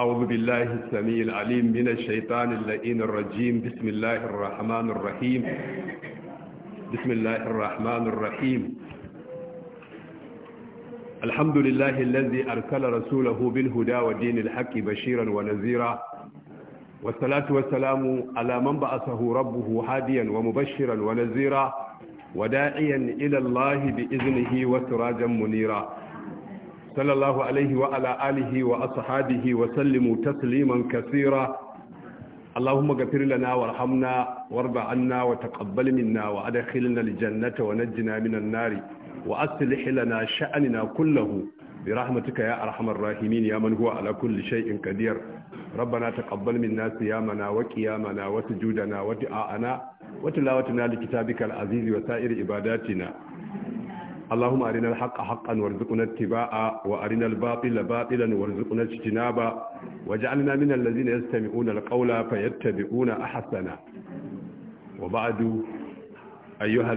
أعوذ بالله السميع العليم من الشيطان اللئين الرجيم بسم الله الرحمن الرحيم بسم الله الرحمن الرحيم الحمد لله الذي أرسل رسوله بالهدى ودين الحق بشيرا ونذيرا والصلاة والسلام على من بعثه ربه هاديا ومبشرا ونذيرا وداعيا إلى الله بإذنه وسراجا منيرا sallallahu alaihi wa ala alihi wa ashabihi wa sallimu tasliman kaseera اللهم اغفر لنا وارحمنا وارض عنا وتقبل منا وادخلنا الجنة ونجنا من النار وأصلح لنا شأننا كله برحمتك يا أرحم الراحمين يا من هو على كل شيء قدير ربنا تقبل منا صيامنا وقيامنا وسجودنا ودعاءنا وتلاوتنا لكتابك العزيز وسائر عباداتنا اللهم أرنا الحق حقا وارزقنا اتباعا وأرنا الباطل باطلا وارزقنا اجتنابا واجعلنا من الذين يستمعون القول فيتبعون أحسنا وبعد أيها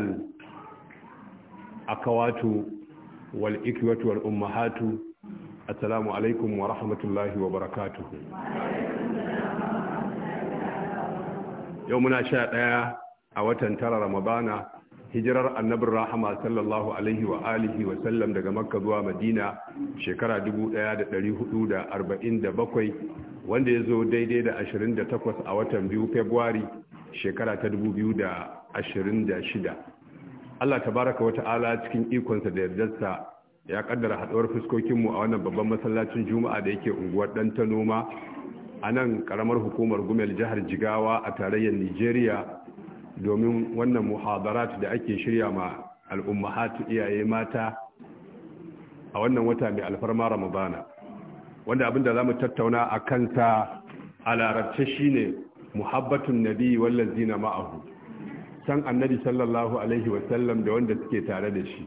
الأخوات والإكوة والأمهات السلام عليكم ورحمة الله وبركاته يومنا شاء a watan ترى ramadana hijirar annabin rahama sallallahu alaihi wa alihi wa sallam daga makka zuwa madina shekara 1447 wanda ya zo daidai da 28 a watan biyu februari shekara ta 2026 allah tabaraka wata'ala cikin ikonsa da yardarsa ya kaddara haɗuwar fuskokinmu a wannan babban masallacin juma'a da yake unguwar ɗan ta noma a nan karamar hukumar gumel jihar jigawa a tarayyar nigeria domin wannan muhadarat da ake shirya ma al'ummahatu iyaye mata a wannan wata mai alfarma ramadana wanda abinda za mu tattauna a kanta a larabce ne muhabbatun nabi wallan zina ma'ahu san annabi sallallahu alaihi wasallam da wanda suke tare da shi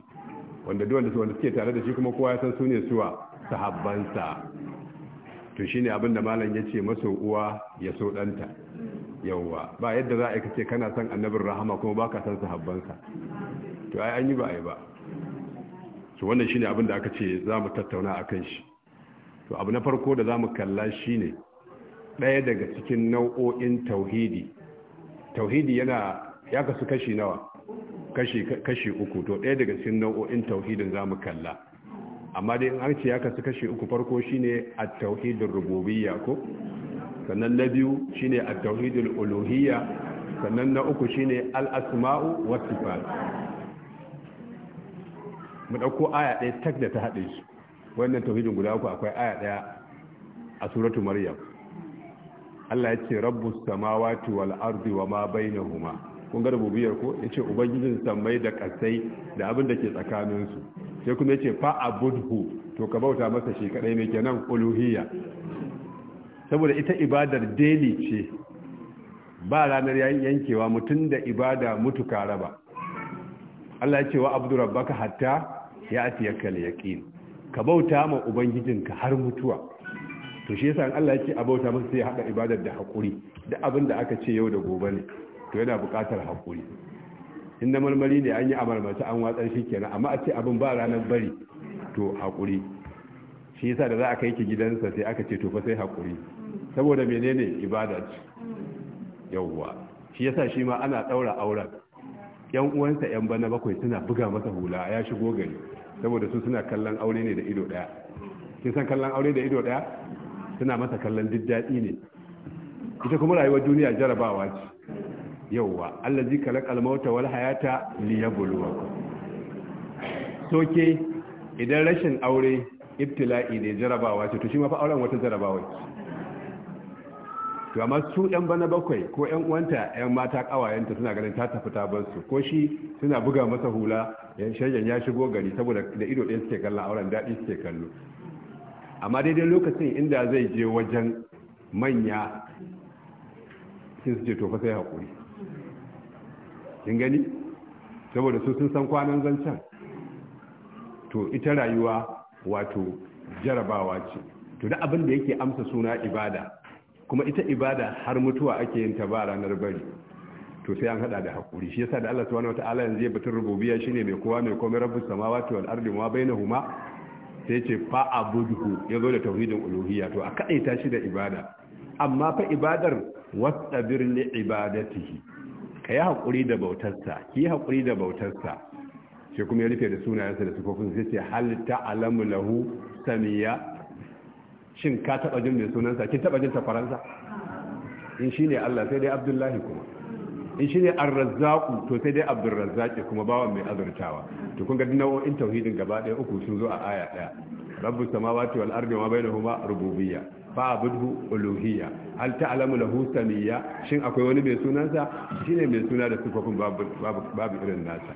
wanda duk wanda suke tare da shi kuma kowa ya san su ne suwa sahabbansa to shi ne abinda malam ya ce maso uwa ya so ɗanta yawwa ba yadda za a kace kana son annabin rahama kuma ba ka san sahabbansa to ai an yi ba ai ba to wannan shine abin da aka ce za mu tattauna akan shi to abu na farko da za mu kalla shine ɗaya daga cikin nau'o'in tauhidi tauhidi yana ya kasu kashi nawa kashi uku to ɗaya daga cikin nau'o'in tauhidin za mu kalla amma dai in an ce ya kasu kashi uku farko shine a tauhidin rububiyya ko sannan na biyu shine at-tauhidul uluhiyya sannan na uku shine al-asma'u was sifat mu dauko aya ɗaya tak da ta hade su wannan tauhidin guda uku akwai aya ɗaya a suratu maryam Allah ya ce rabbus samawati wal ardi wama bainahuma kun ga rububiyar ko yace ubangijin samai da kasai da abin da ke tsakaninsu sai kuma yace fa abudhu to ka bauta masa shi kadai me kenan uluhiyya saboda ita ibadar daily ce ba ranar yankewa mutum da ibada mutuka raba Allah ya ce wa abdu rabbaka hatta ya atiyaka al-yaqin ka bauta ma ubangijinka har mutuwa to shi yasa Allah ya ce a bauta masa sai hada ibadar da hakuri da abin da aka ce yau da gobe ne to yana buƙatar hakuri inda marmari ne an yi amarmata an watsar shi kenan amma a ce abin ba ranar bari to hakuri shi yasa da za a kai ki gidansa sai aka ce to fa sai hakuri saboda menene ibada ce yawwa shi yasa shi ma ana daura auren yan uwansa yan bana bakwai suna buga masa hula ya shigo gari saboda su suna kallon aure ne da ido daya kin san kallon aure da ido daya suna masa kallon diddadi ne ita kuma rayuwar duniya jarabawa ce yauwa allazi kalakal mauta wal hayata liyabluwakum soke idan rashin aure ibtila'i ne jarabawa ce to shi ma fa auren wata jarabawa ce to amma su yan bana bakwai ko yan uwanta yan mata kawayenta suna ganin ta tafi ta bar su ko shi suna buga masa hula yan shayyan ya shigo gari saboda da ido ɗaya suke kallon auren daɗi suke kallo amma daidai lokacin inda zai je wajen manya sai su ce to sai haƙuri kin gani saboda su sun san kwanan zancen to ita rayuwa wato jarabawa ce to da abin da yake amsa suna ibada kuma ita ibada har mutuwa ake yin ta ba ranar bari to sai an hada da hakuri shi yasa da Allah subhanahu wataala yanzu ya batun rububiyya shine mai kowa mai komai rabbus samawati wal ardi wa bainahuma sai ce fa abudhu yazo da tauhidin uluhiyya to a ta shi da ibada amma fa ibadar wasabir li ibadatihi kai hakuri da bautarsa ki hakuri da bautarsa sai kuma ya rufe da sunayensa da sifofin sai ce hal ta'lamu lahu samiya shin ka taba jin mai sunansa kin taba jin Faransa? in shine Allah sai dai Abdullahi kuma in shine Ar-Razzaq to sai dai Abdurrazzaq kuma bawan mai azurtawa to kun ga nau'o'in tauhidin gaba daya uku sun zo a aya ɗaya rabbus samawati wal ardi wa bainahuma rububiyya fa'budhu uluhiyya hal ta'lamu lahu samiyya shin akwai wani mai sunansa shine mai suna da sifofin babu babu irin nasa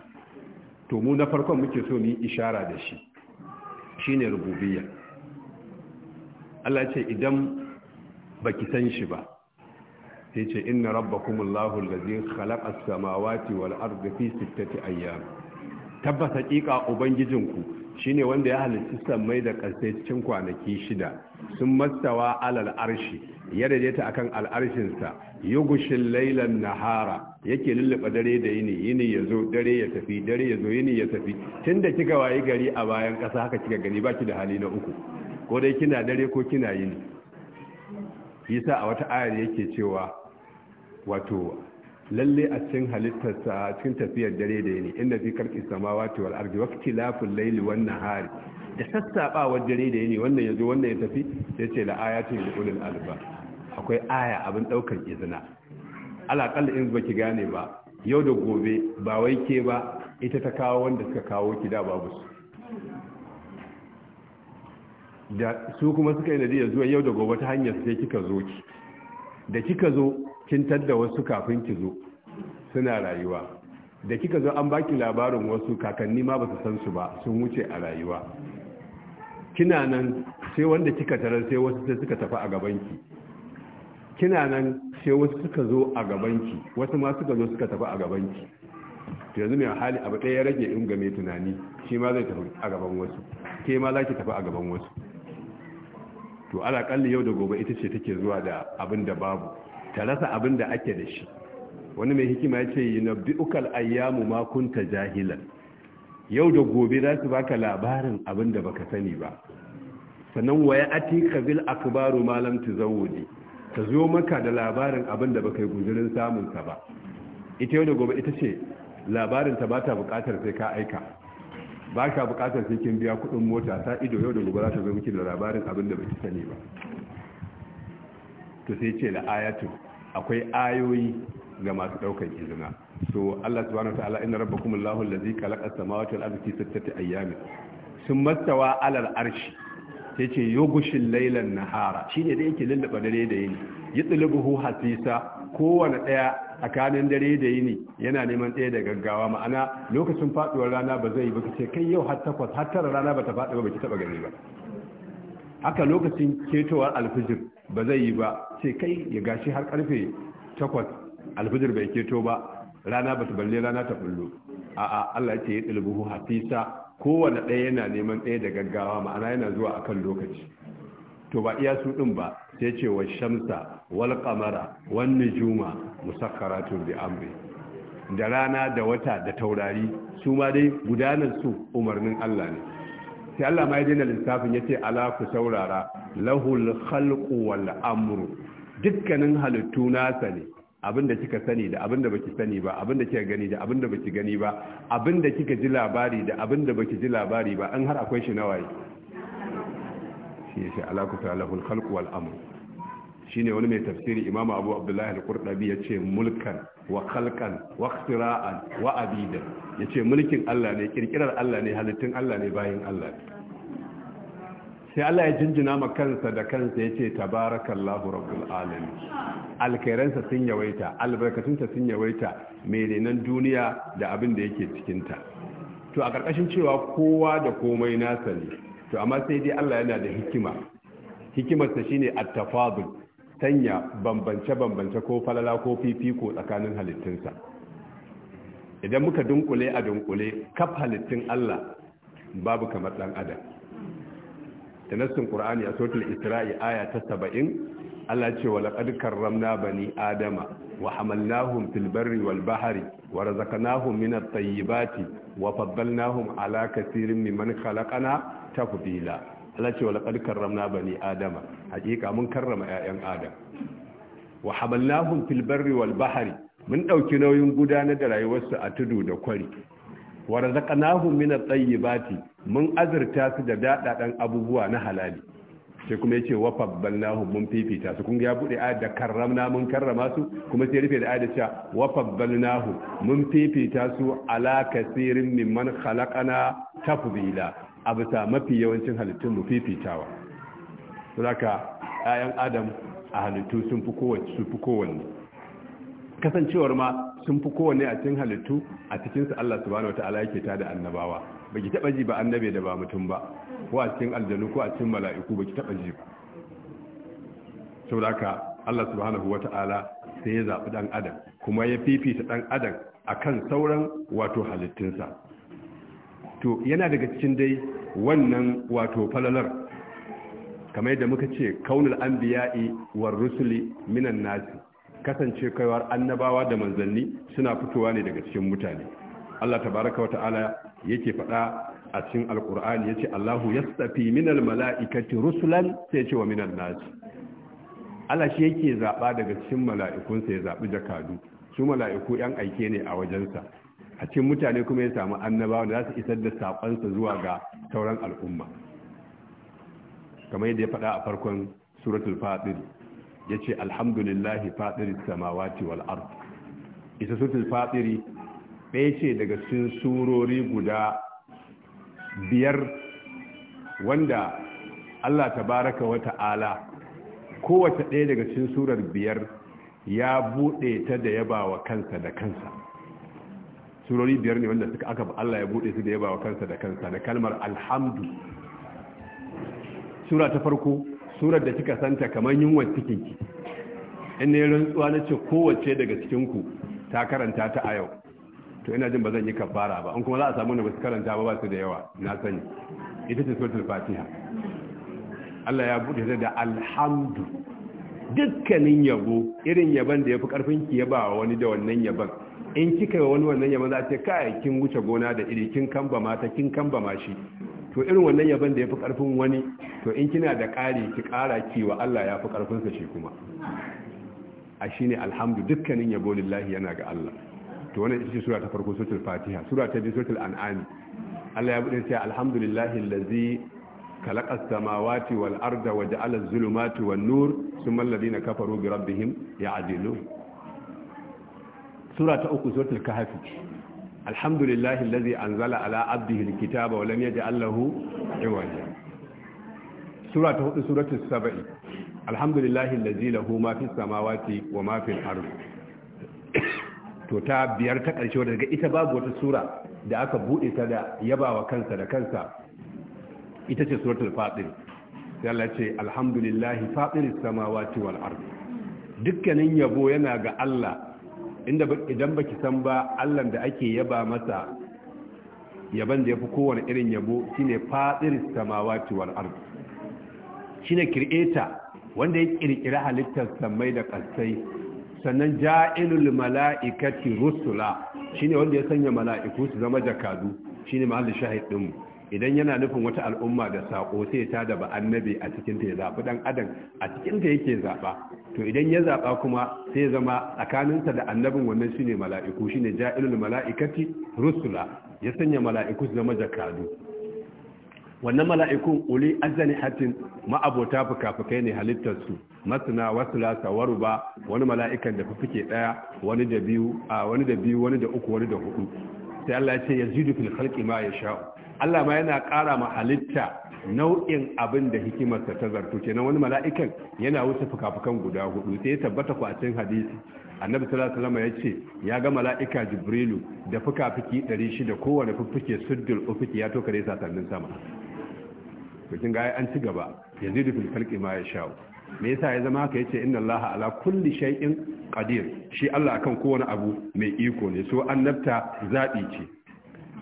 to mu na farkon muke so mu yi ishara da shi shine rububiyya Allah ce idan baki san shi ba sai ce inna rabbakumullahu allazi khalaqa as-samawati wal arda fi sittati ayyam tabbas ubangijin ubangijinku shine wanda ya halitta sammai da ƙasa kwanaki shida sun mastawa alal arshi ya daidaita akan al'arshinsa yugushil Laylan nahara yake lullaba dare da yini yini yazo dare ya tafi dare yazo yini ya tafi tunda kika wayi gari a bayan kasa haka kika gani baki da hali na uku ko dai kina dare ko kina yini yasa a wata ayar yake cewa wato lalle a cikin halittarsa a cikin tafiyar dare da yini inda fi karki samawati wal ardi waqti laful layli wan nahari da sassabawar dare da yini wannan yazo wannan ya tafi sai ce la ayati ulul alba akwai aya abin daukar izina alaƙalla in baki gane ba yau da gobe ba wai ke ba ita ta kawo wanda suka kawo ki da babu su da su kuma suka yi nadiyar zuwa yau da gobe ta hanyar sai kika zo ki da kika zo kin tadda wasu kafin ki zo suna rayuwa da kika zo an baki labarin wasu kakanni ma ba su san su ba sun wuce a rayuwa kina nan sai wanda kika tarar sai wasu sai suka tafi a gaban ki kina nan sai wasu suka zo a gaban ki wasu ma suka zo suka tafi a gaban ki to yanzu mai hali abu ɗaya ya rage in game tunani shi ma zai tafi a gaban wasu ke ma za ki tafi a gaban wasu to alaƙalli yau da gobe ita ce take zuwa da abin da babu ta rasa abin da ake da shi wani mai hikima ya ce yi na bi'ukal ayyamu makunta jahilan yau da gobe za su baka labarin abin da baka sani ba sannan waya ati kabil akbaru malam tuzawudi ta zo maka da labarin abin da baka yi guzurin samun ba ita yau da gobe ita ce labarin ta ba ta bukatar sai ka aika ba ka bukatar sai kin biya kudin mota ta ido yau da gobe za ta zo miki da labarin abin da baki sani ba to sai ce la ayatu akwai ayoyi ga masu daukan izina so Allah subhanahu wataala inna rabbakum Allahu allazi khalaqa as-samawati wal ardi fi sittati ayyamin sun mastawa alal arshi sai ce yugushil laylan nahara shine da yake lullaba dare da yini yatlubuhu hasisa kowane daya tsakanin dare da yini yana neman ɗaya da gaggawa ma'ana lokacin faɗuwar rana ba zai yi ba ce kai yau har takwas har tara rana ba ta faɗi ba ba ki taɓa gani ba haka lokacin ketowar alfijir ba zai yi ba ce kai ya gashi har karfe takwas alfijir bai keto ba rana ba ta balle rana ta bullo a'a Allah ya ce ya dilbuhu hafisa kowanne ɗaya yana neman ɗaya da gaggawa ma'ana yana zuwa akan lokaci to ba iya su ɗin ba sai ce wa shamsa wal qamara wan nujuma musakkaratun bi amri da rana da wata da taurari su ma dai gudanar su umarnin Allah ne sai Allah ma ya dina lissafin yace ala ku saurara lahul khalqu wal amru dukkanin halittu nasa ne abinda kika sani da abinda baki sani ba abinda kika gani da abinda baki gani ba abinda kika ji labari da abinda baki ji labari ba an har akwai shi nawaye shi shi ala ku saurara lahul khalqu wal amru shine wani mai tafsiri imam abu abdullahi al ya yace mulkan wa khalqan wa ikhtira'an wa abidan yace mulkin Allah ne kirkirar Allah ne halittun Allah ne bayin Allah ne sai Allah ya jinjina ma kansa da kansa yace tabarakallahu rabbul alamin alkhairansa sun yawaita albarkatunsa sun yawaita mai melenan duniya da abin da yake cikin ta to a karkashin cewa kowa da komai nasa ne to amma sai dai Allah yana da hikima hikimarsa shine at-tafadul sanya bambance-bambance ko falala ko fifiko tsakanin halittunsa idan muka dunkule a dunkule kaf halittun Allah babu kamar ɗan adam da nassin ƙur'ani a suratul isra'i aya ta saba'in. Allah ce wa laqad karramna bani adama wa hamalnahum fil barri wal bahari wa razaqnahum min at-tayyibati wa faddalnahum ala katirin mimman khalaqana tafdila Allah ce wala karramna bani adama hakika mun karrama 'ya'yan adam wa hamalnahum fil wal bahari mun ɗauki nauyin gudanar da rayuwarsu a tudu da kwari wa razaqnahum min at-tayyibati mun azurta su da dadadan abubuwa na halali sai kuma yace wa fabbalnahum mun fifita su kun ga ya bude ayat da karramna mun karrama su kuma sai rufe da ayat da cewa wa fabbalnahum mun fifita su ala kaseerin mimman khalaqana tafdila a bisa mafi yawancin halittun mu fifitawa saboda ayan adam a halittu sun fi kowace su fi kowanne kasancewar ma sun fi kowanne a cikin halittu a cikin su Allah subhanahu wataala yake tada annabawa baki taba ji ba annabe da ba mutum ba ko a cikin aljanu ko a cikin mala'iku baki taba ji ba saboda Allah subhanahu wataala sai ya zabi dan adam kuma ya fifita dan adam akan sauran wato halittunsa to yana daga cikin dai wannan wato falalar kamar yadda muka ce kaunul anbiya'i war rusuli minan nasi kasance kaiwar annabawa da manzanni suna fitowa ne daga cikin mutane Allah tabaraka wata'ala yake faɗa a cikin alkur'ani yace Allahu yastafi minal mala'ikati rusulan sai cewa minan nasi Allah shi yake zaɓa daga cikin mala'ikunsa ya zaɓi jakadu su mala'iku yan aike ne a wajensa a cikin mutane kuma ya samu annabawa da za su isar da saƙonsa zuwa ga sauran al'umma kamar yadda ya faɗa a farkon suratul fatir ya ce alhamdulillahi fatir samawati wal ard ita suratul fatir ɗaya ce daga cikin surori guda biyar wanda Allah Ta baraka wa ta'ala kowace ɗaya daga cikin surar biyar ya buɗe ta da yabawa kansa da kansa surori biyar ne wanda suka aka Allah ya bude su da yaba wa kansa da kansa da kalmar alhamdu sura ta farko surar da kika santa kamar yunwar cikinki in ne rantsuwa na ce kowace daga cikinku ta karanta ta a yau to ina jin ba zan yi kafara ba in kuma za a samu na basu su karanta ba ba su da yawa na sani ita ce suratul fatiha Allah ya bude da alhamdu dukkanin yabo irin yaban da yafi karfin ki yaba wani da wannan yaban in kika yi wani wannan yaban za a ce kai kin wuce gona da iri kin kamba mata kin kamba ma shi to irin wannan yaban da ya fi ƙarfin wani to in kina da ƙari ki ƙara ki wa Allah ya fi ƙarfinsa shi kuma a shi ne alhamdu dukkanin yabo lillahi yana ga Allah to wannan ita ce sura ta farko suratul fatiha sura ta biyu suratul an'am Allah ya buɗe sai alhamdulillahi allazi khalaqa as-samawati wal arda wa ja'ala az-zulumati wan-nur thumma alladhina kafaru bi rabbihim ya'dilun sura ta uku suratul kahfi alhamdulillahi allazi anzala ala abdihi alkitaba wa lam yaj'al lahu iwaja sura ta hudu suratul saba'i alhamdulillahi allazi lahu ma fis samawati wa ma fil ardi to ta biyar ta karshe daga ita babu wata sura da aka bude ta da yabawa kansa da kansa ita ce suratul fatir yalla ce alhamdulillahi fatiris samawati wal ardi dukkanin yabo yana ga Allah inda idan baki san ba Allah da ake yaba masa yaban da yafi kowane irin yabo shine fadir samawati wal ard shine creator wanda ya kirkira halittar samai da kasai sannan ja'ilul mala'ikati rusula shine wanda ya sanya mala'iku su zama jakadu shine mahallin shahid din mu idan yana nufin wata al'umma da sako sai ta da ba annabi a cikin ta ya zaɓi ɗan adam a cikin ta yake zaɓa to idan ya zaɓa kuma sai zama tsakaninsa da annabin wannan shine mala'iku shine ja'ilul mala'ikati rusula ya sanya mala'iku su zama jakadu wannan mala'ikun uli azani hatin ma'abota fuka-fukai ne halittarsu masana wasu lasawaru ba wani mala'ikan da fuke ɗaya wani da biyu wani da biyu wani da uku wani da hudu sai Allah ya ce ya fil khalqi ma ya sha'u Allah ma yana ƙara ma halitta nau'in abin da hikimarsa ta zartu na wani mala'ikan yana wuce fuka guda hudu sai ya tabbata ku a cikin hadisi annabi sallallahu alaihi wasallam yace ya ga mala'ika jibrilu da fuka-fuki 600 kowane fuffuke suddul ufuki ya toka kare sasannin sama to kin ga an ci gaba yanzu da khalqi ma ya shawo me yasa ya zama haka yace inna allaha ala kulli shay'in qadir shi Allah akan kowane abu mai iko ne so annabta zabi ce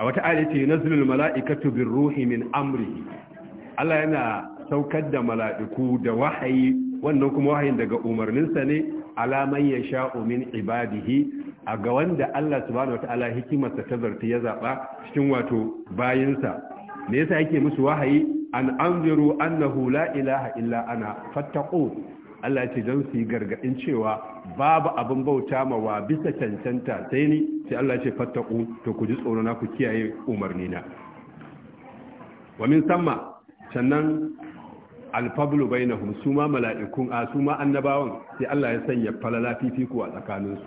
a wata ayat ce nazilul mala'ikatu bir ruhi min amri Allah yana saukar da mala'iku da wahayi wannan kuma wahayin daga umarninsa ne ala ya yasha'u min ibadihi a ga wanda Allah subhanahu wataala hikimarsa ta zarta ya zaba cikin wato bayinsa me yasa yake musu wahayi an anziru annahu la ilaha illa ana fattaqu Allah ya ce don su yi gargaɗin cewa babu abin bauta ma wa bisa cancanta sai ni sai Allah ya ce fattaku to ku ji tsoro na ku kiyaye umarni na wa min samma sannan alfablu bainahum su ma mala'ikun a su ma annabawan sai Allah ya sanya falala ku a tsakaninsu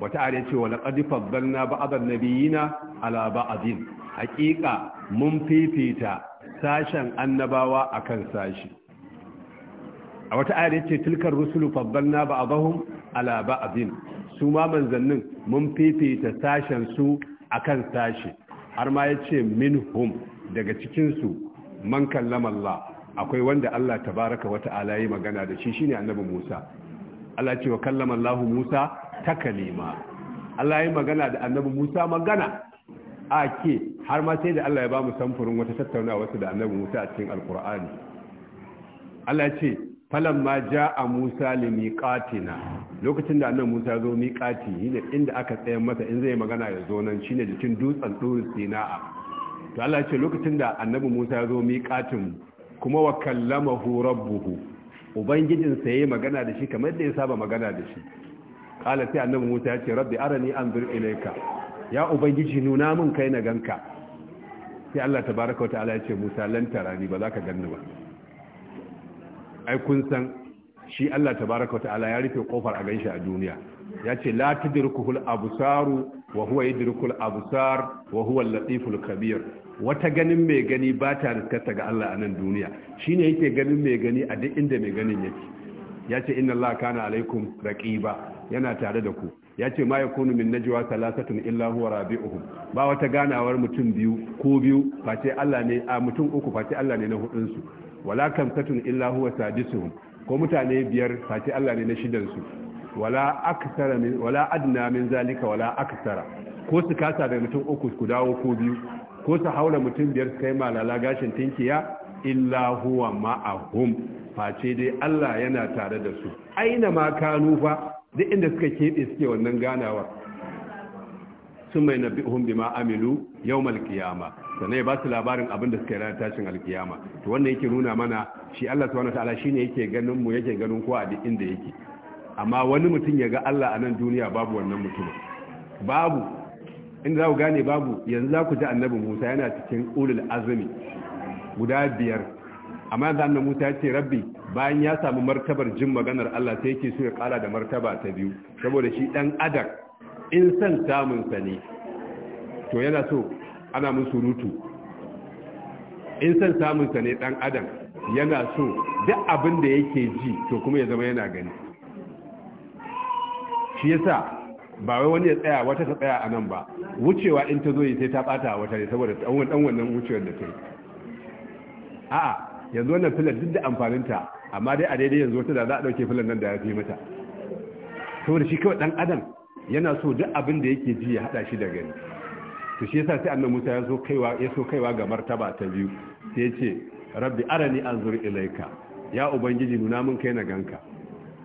wata are ce wa laqad faddalna ba'd an-nabiyina ala ba'din haqiqa mun fifita sashen annabawa akan sashi a wata ayar yace tilkar rusulu faddalna ba'dahum ala ba'din su ma manzannin mun fifita sashen su akan sashi har ma yace minhum daga cikin su man kallama Allah akwai wanda Allah tabaraka wa ta'ala yi magana da shi shine annabi Musa Allah ce wa kallama Allah Musa takalima Allah yi magana da annabi Musa magana ake har ma sai da Allah ya ba mu samfurin wata tattaunawa wasu da annabi Musa a cikin Alkur'ani Allah ce ma ja a Musa na. lokacin da annan Musa zo miƙati ne inda aka tsaya masa in zai magana ya zo nan shine jikin dutsen tsoron Sinaa to Allah ce lokacin da annabi Musa zo miƙatin kuma wa kallamahu rabbuhu ubangijin sa yayi magana da shi kamar da ya saba magana da shi qala sai annabi Musa ya ce rabbi arani anzur ilayka ya ubangiji nuna min kai na ganka sai Allah tabaaraka wa ta'ala ya ce Musa lan tarani ba za ka ganni ba ai kun san shi Allah tabaraka ta'ala ya rufe kofar a ganshi a duniya ya ce la tudrikuhul absaru wa huwa yudrikul absar wa huwa al-latiful kabir wata ganin mai gani ba ta riskarta ga Allah a nan duniya shine yake ganin mai gani a duk inda mai ganin yake ya ce inna Allah kana alaikum raqiba yana tare da ku ya ce ma yakunu min najwa salasatun illa huwa rabi'uhum ba wata ganawar mutum biyu ko biyu face Allah ne a mutum uku face Allah ne na hudun su wala kamsatun illa huwa sadisuhum ko mutane biyar face Allah ne na shidan su wala aktsara min wala adna min zalika wala aksara ko su kasa da mutum uku ku dawo ko biyu ko su haura mutum biyar su kai malala gashin tinkiya illa huwa ma'ahum face dai Allah yana tare da su aina ma kanu fa duk inda suka kebe suke wannan ganawar sun mai nabi'uhum bima amilu yau qiyama sannan ya ba su labarin abin da suka yi ranar tashin alkiyama to wannan yake nuna mana shi Allah subhanahu wataala shine yake ganin mu yake ganin kowa a duk inda yake amma wani mutum ya ga Allah a nan duniya babu wannan mutumin babu inda za ku gane babu yanzu za ku ji annabi Musa yana cikin ulul azumi guda biyar amma yanzu annabi Musa ya ce rabbi bayan ya samu martabar jin maganar Allah sai yake so ya kara da martaba ta biyu saboda shi dan adam in san samunsa ne to yana so ana mun surutu in san samunsa ne dan adam yana so duk abin da yake ji to kuma ya zama yana gani shi yasa ba wai wani ya tsaya wata ta tsaya a nan ba wucewa in ta zo yi sai ta bata wata ne saboda dan wannan wucewar da ta yi a'a yanzu wannan filar duk da amfaninta amma dai a daidai yanzu wata da za a dauke filar nan da ya fi mata saboda shi kawai dan adam yana so duk abin da yake ji ya hada shi da gani to shi yasa sai annabi Musa ya so kaiwa ya so kaiwa ga martaba ta biyu sai ya ce rabbi arani anzur ilaika ya ubangiji nuna min kai na ganka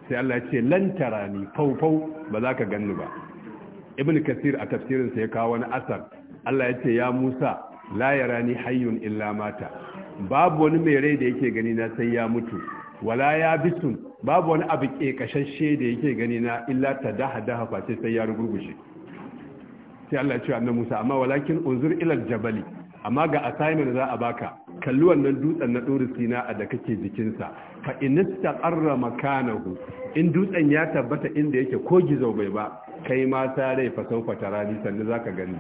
sai Allah ya ce lan tarani fau ba za ka gani ba ibn kasir a tafsirin sa ya kawo wani asar Allah ya ce ya Musa la yarani hayyun illa mata babu wani mai rai da yake gani na sai ya mutu wala ya bisun babu wani abu kekashashe da yake gani na illa ta daha daha face sai ya rugurgushe sai Allah ya ce annabi Musa amma walakin unzur ila jabali amma ga assignment za a baka kalli wannan dutsen na dori sina a da kake jikin sa fa qarra makanahu in dutsen ya tabbata inda yake ko gizo bai ba kai ma ta fa saufa tarani sannan zaka gani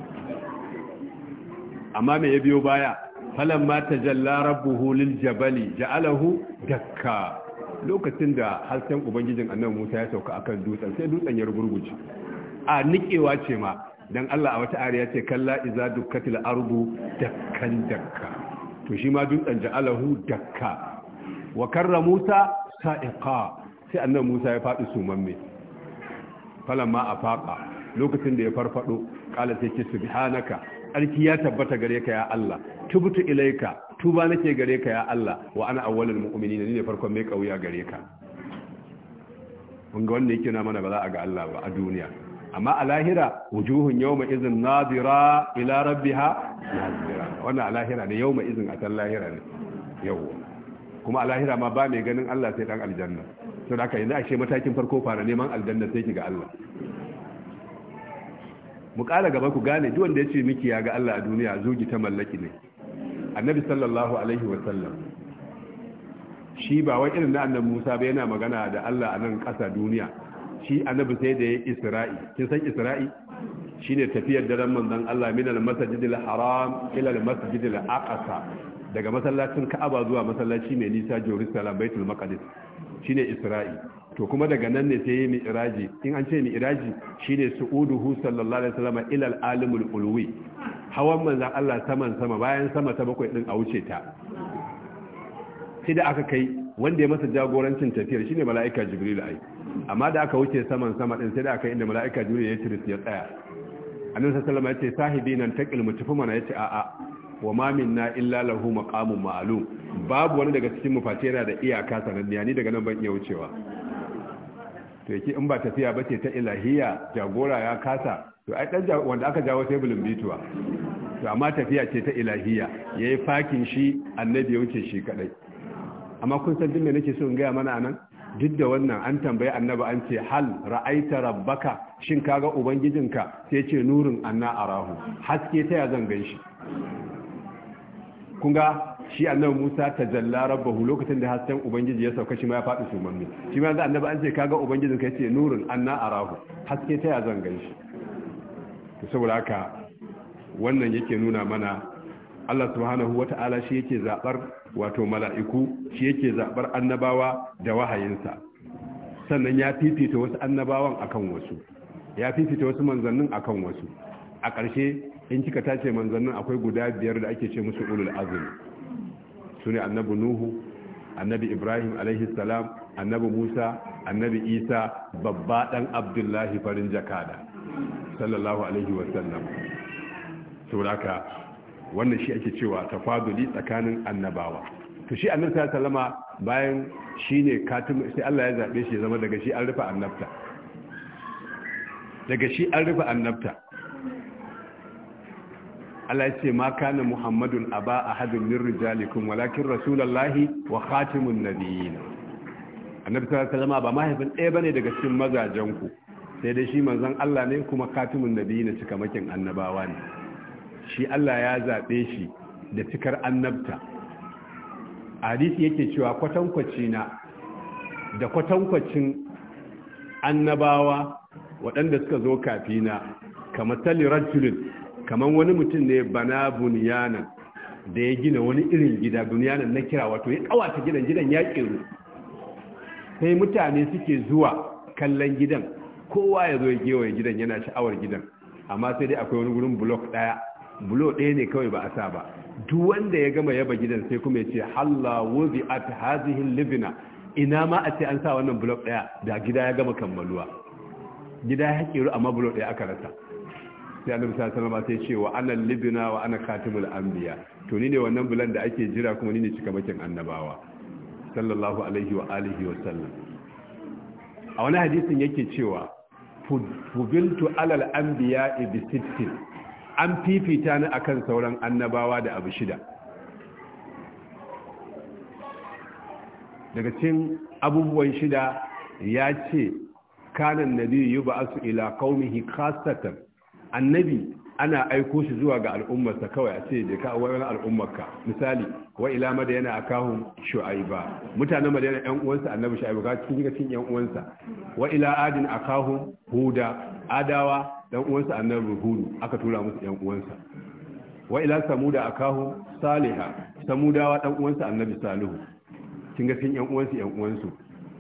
amma me ya biyo baya falamma tajalla rabbuhu lil jabali ja'alahu dakka lokacin da hasken ubangijin annabi Musa ya sauka akan dutsen sai dutsen ya rugurguje a nikewa ce ma dan Allah a wata ariya ce kalla iza dukkatil ardu dakkan dakka to shi ma dutsen ja'alahu dakka wa karra Musa sa'iqa sai annabi Musa ya faɗi sumamme falamma afaqa lokacin da ya farfado kala sai ce subhanaka alki ya tabbata gare ka ya Allah tubtu ilaika tuba nake gare ka ya Allah wa ana awwalul mu'minin ne farkon mai kauya gare ka kun ga wanda yake na mana ba za a ga Allah ba a duniya amma a lahira wujuhun yawma idhin nadira ila rabbiha nadira wannan a lahira ne yawma idhin a lahira ne yau kuma a lahira ma ba mai ganin Allah sai dan aljanna to da haka yanzu ashe matakin farko fara neman aljanna sai ki ga Allah mu kala gaba ku gane duk wanda ya ce miki ya ga Allah a duniya zugi ta mallaki ne annabi sallallahu alaihi wasallam shi ba wai irin na annabi Musa ba yana magana da Allah a nan ƙasa duniya shi annabi sai da ya Isra'i kin san Isra'i ne tafiyar daren manzon Allah min al haram ila al-masjidil daga masallacin Ka'aba zuwa masallaci mai nisa Jerusalem Baitul Maqdis shine Isra'i to kuma daga nan ne sai yi iraji in an ce iraji shine su'uduhu sallallahu alaihi wasallam ila al-alimul ulwi hawan manzon Allah saman sama bayan sama ta bakwai din a wuce ta sai da aka kai wanda ya masa jagorancin tafiyar shine mala'ika jibril ai amma da aka wuce saman sama din sai da aka inda mala'ika jibril ya tiris ya tsaya annabi sallallahu alaihi wasallam ya ce sahibi nan taqil ya ce yace a'a wa ma minna illa lahu maqamun ma'lum babu wani daga cikin mu yana da iyaka sananniya ni daga nan ban iya wucewa to yake in ba tafiya ba ce ta ilahiya jagora ya kasa to ai dan wanda aka jawo tebulin bituwa to amma tafiya ce ta ilahiya yayi fakin shi annabi ya wuce shi kadai amma kun san dinne nake so in gaya mana anan duk da wannan an tambayi annabi an ce hal ra'aita rabbaka shin kaga ubangijinka sai ce nurin anna arahu haske ta ya zan shi kun ga shi annabi Musa tajalla rabbahu lokacin da hasken ubangiji ya sauka shi ma ya faɗi sumanni shi ma yanzu annabi an ce kaga ubangijin ka yace nurun anna arahu haske ta ya zan ganshi to saboda haka wannan yake nuna mana Allah subhanahu wata'ala shi yake zabar wato mala'iku shi yake zabar annabawa da wahayinsa sannan ya fifita wasu annabawan akan wasu ya fifita wasu manzannin akan wasu a ƙarshe in kika tace manzannin akwai guda biyar da ake ce musu ulul azumi sune annabi nuhu annabi ibrahim alaihi salam annabi musa annabi isa babba dan abdullahi farin jakada sallallahu alaihi wasallam saboda haka wannan shi ake cewa tafaduli tsakanin annabawa to shi annabi sallama bayan shine katim sai Allah ya zabe shi ya zama daga shi an rufe annabta daga shi an rufe annabta Allah ce ma kana Muhammadun aba ahadun min rijalikum walakin rasulullahi wa khatimun nabiyyin Annabi sallallahu alaihi wasallam ba mahaifin ɗaya bane daga cikin mazajen ku sai dai shi manzon Allah ne kuma khatimun nabiyyin cikamakin annabawa ne shi Allah ya zabe shi da cikar annabta hadisi yake cewa kwatankwaci na da kwatankwacin annabawa waɗanda suka zo kafina kamar tali rajulin kamar wani mutum ne bana buniyanan, da ya gina wani irin gida buniyanan na kira wato ya kawata gidan gidan ya kiru sai mutane suke zuwa kallon gidan kowa ya zo ya gewaye gidan yana sha'awar gidan amma sai dai akwai wani wurin blok daya bulo daya ne kawai ba a sa ba duk wanda ya gama yaba gidan sai kuma ya ce halla wuzi at hazihin libina ina ma a ce an sa wannan blok ɗaya da gida ya gama kammaluwa gida ya kiru amma bulo daya aka rasa sai annabi sallallahu alaihi sai ce wa ana libina wa ana katimul anbiya to ni ne wannan bulan da ake jira kuma ni ne cikamakin annabawa sallallahu alaihi wa alihi wa sallam a wani hadisin yake cewa fubiltu alal anbiya bi sittin an fifita ni akan sauran annabawa da abu shida daga cikin abubuwan shida ya ce kanan nabi yi ba ila qaumihi khassatan annabi ana aiko shi zuwa ga al'ummarsa kawai a ce da ka wani al'ummarka misali wa ila madayana akahum shu'aiba mutanen yana yan uwansa annabi shu'aiba ka cikin cikin yan uwansa wa ila adin kahun huda adawa dan uwansa annabi hudu aka tura musu yan uwansa wa ila samuda kahun saliha samudawa dan uwansa annabi salihu kin ga cikin yan uwansu yan uwansu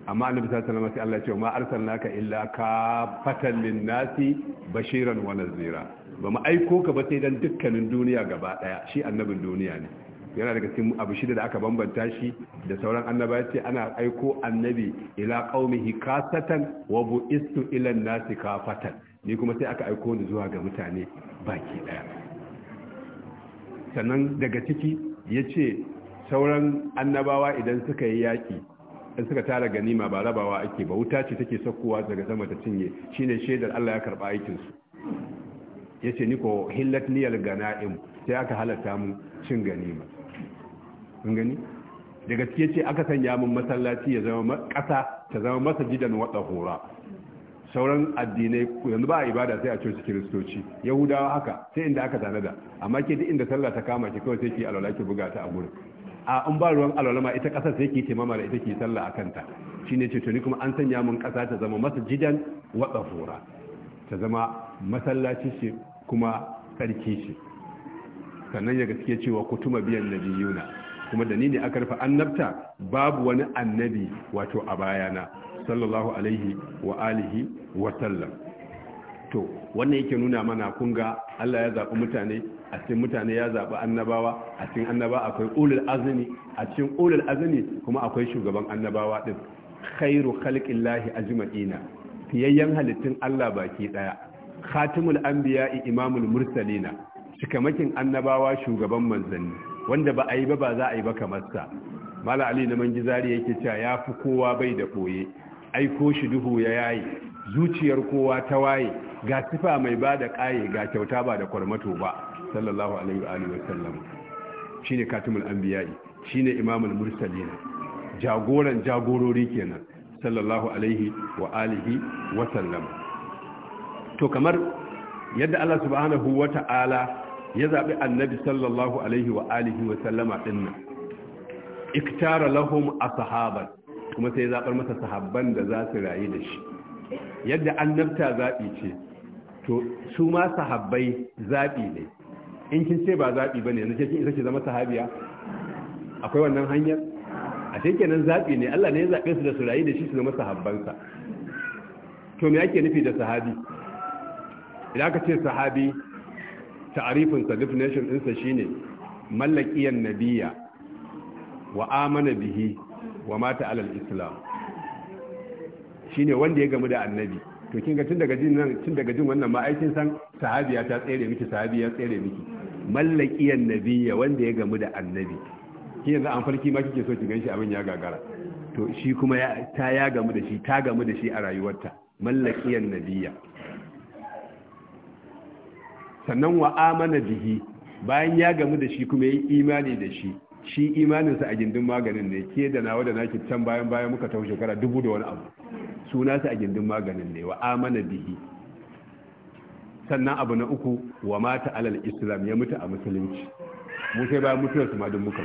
amma annabi sallallahu alaihi wasallam sai Allah ya ce ma arsalnaka illa ka lin nasi bashiran wa nazira ba mu aiko ka ba sai dan dukkanin duniya gaba daya shi annabin duniya ne yana daga cikin abu shida da aka bambanta shi da sauran annaba ce ana aiko annabi ila qaumihi kasatan wa bu'istu ila nasi fatal. ni kuma sai aka aiko ni zuwa ga mutane baki daya sannan daga ciki yace sauran annabawa idan suka yi yaki in suka tara ganima ba rabawa ake ba wuta ce take sakkowa daga sama ta cinye shine shaidar Allah ya karba aikin su yace ni ko hillat niyal ganaim sai aka halatta mu cin ganima kun gani da gaske ce aka sanya mun masallaci ya zama kasa ta zama masajidan wa tahura sauran addinai yanzu ba a ibada sai a coci kiristoci yahudawa haka sai inda aka tanada amma ke duk inda sallah ta kama ki kawai sai ki alwala ki buga ta a gurin a in ba ruwan alwalama ita kasar sai ke taimama da ita ke sallah a kanta shi ce cetoni kuma an sanya mun kasa ta zama masjidan watsa fura, ta zama masallaci shi kuma tsarki shi sannan ya gaske cewa kutuma biyan nabiyuna kuma da ni ne aka rufe annabta babu wani annabi wato a bayana sallallahu alaihi wa alihi wa sallam to wannan yake nuna mana kun ga Allah ya zaɓi mutane a cikin mutane ya zaɓi annabawa a cikin annaba akwai ulul azmi a cikin ulul azmi kuma akwai shugaban annabawa din khairu khalqillahi ajma'ina fiyayyen halittun Allah baki daya khatimul anbiya imamul mursalina cikamakin annabawa shugaban manzanni wanda ba a yi ba ba za a yi ba kamar sa mala ali na mangizari yake cewa ya fi kowa bai da koye aiko shi duhu ya yayi zuciyar kowa ta waye ga sifa mai ba da ƙaye ga kyauta ba da kwarmato ba sallallahu alaihi wa alihi wasallam shine katimul anbiya'i shine imamul mursalin jagoran jagorori kenan sallallahu alaihi wa alihi wa sallam to kamar yadda Allah subhanahu wa ta'ala ya zabi annabi sallallahu alaihi wa alihi wa sallama dinnan iktara lahum ashaban kuma sai ya zabar masa sahabban da za su rayu da shi yadda annabta zaɓi ce to su ma sahabbai zaɓi ne in kin ce ba zaɓi ba ne yanzu kin isa zama sahabiya akwai wannan hanyar a ce kenan zaɓi ne Allah ne ya zaɓe su da surayi da shi su zama sahabbansa to me ake nufi da sahabi idan ka ce sahabi sa definition ɗinsa shine mallakiyan Nabiyya wa amana bihi wa mata alal islam shine wanda ya gamu da annabi to kin ga tun daga jin nan tun daga jin wannan ma aikin san sahabiya ta tsere miki sahabiya tsere miki mallakiyan nabiyya wanda ya gamu da annabi ki yanzu an farki ma kike so ki ganshi abin ya gagara to shi kuma ta ya gamu da shi ta gamu da shi a rayuwarta mallakiyan nabiyya sannan wa amana bihi bayan ya gamu da shi kuma yi imani da shi shi imaninsa a gindin maganin ne ke da nawa da naki can bayan bayan muka tafi shekara dubu da wani abu suna su a gindin maganin ne wa amana bihi sannan abu na uku wa mata alal islam ya mutu a musulunci mu sai bayan mutuwar su ma muka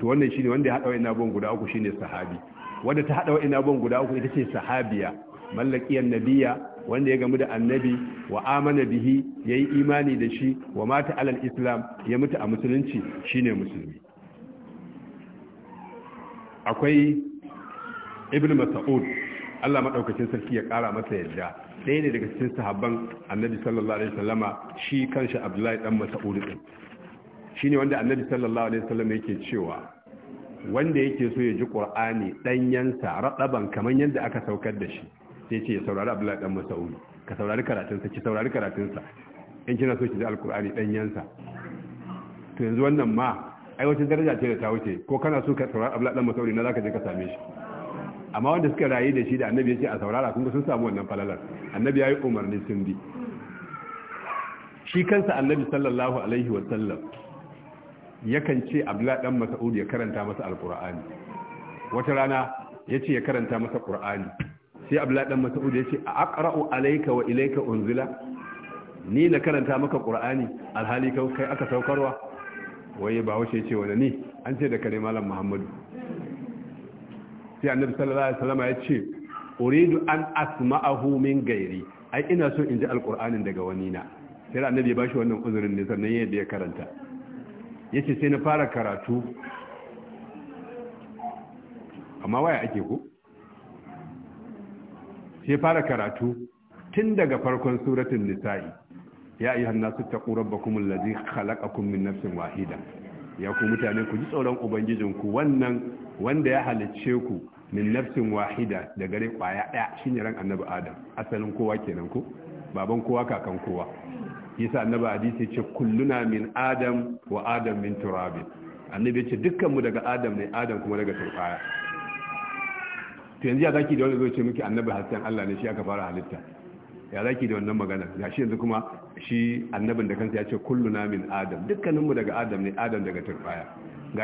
to wannan shine wanda ya hada wa'in abubuwan guda uku shine sahabi wanda ta hada wa'in abubuwan guda uku ita ce sahabiya mallakiyar nabiya wanda ya gamu da annabi wa amana bihi ya yi imani da shi wa mata alal islam ya mutu a musulunci shine musulmi akwai ibn mas'ud Allah madaukakin sarki ya kara masa yadda ɗaya ne daga cikin sahabban annabi sallallahu alaihi wasallama shi kansa abdullahi dan mas'ud din shine wanda annabi sallallahu alaihi wasallama yake cewa wanda yake so ya ji qur'ani yansa radaban kaman yadda aka saukar da shi sai ce ya saurari abdullahi dan mas'ud ka saurari karatun sa ki saurari karatun sa in kina so ki ji alqur'ani yansa to yanzu wannan ma ai daraja ce da ta wuce ko kana so ka saurari abdullahi dan mas'ud na zaka je ka same shi amma wanda suka rayu da shi da annabi ya ce a saurara kuma sun samu wannan falalar annabi ya yi umarni sun bi shi kansa annabi sallallahu alaihi wasallam yakan ce abla dan mas'ud ya karanta masa alqur'ani wata rana ya ce ya karanta masa qur'ani sai abla dan mas'ud ce a aqra'u alayka wa ilayka unzila ni na karanta maka qur'ani alhali kai aka saukarwa waye ba wace ce wani ni an ce da kare malam muhammadu sai annabi sallallahu alaihi wasallam ya ce uridu an asma'ahu min gairi ai ina so in ji alqur'anin daga wani na sai annabi ya bashi wannan uzurin ne sannan yadda ya karanta yace sai na fara karatu amma waya ake ko sai fara karatu tun daga farkon suratul nisa'i ya ayyuhan nasu taqu rabbakumul ladzi khalaqakum min nafsin wahida ya ku mutane ku ji tsoron ubangijinku wannan wanda ya halicce ku min nafsin wahida da gare kwaya ɗaya shine ran annabi adam asalin kowa kenan ko baban kowa kakan kowa yasa annabi hadisi ce kulluna min adam wa adam min turab annabi ce dukkan mu daga adam ne adam kuma daga turbaya to yanzu ya zaki da wanda zai ce miki annabi hasan Allah ne shi aka fara halitta ya zaki da wannan magana ya shi yanzu kuma shi annabin da kansa ya ce kulluna min adam dukkaninmu daga adam ne adam daga turbaya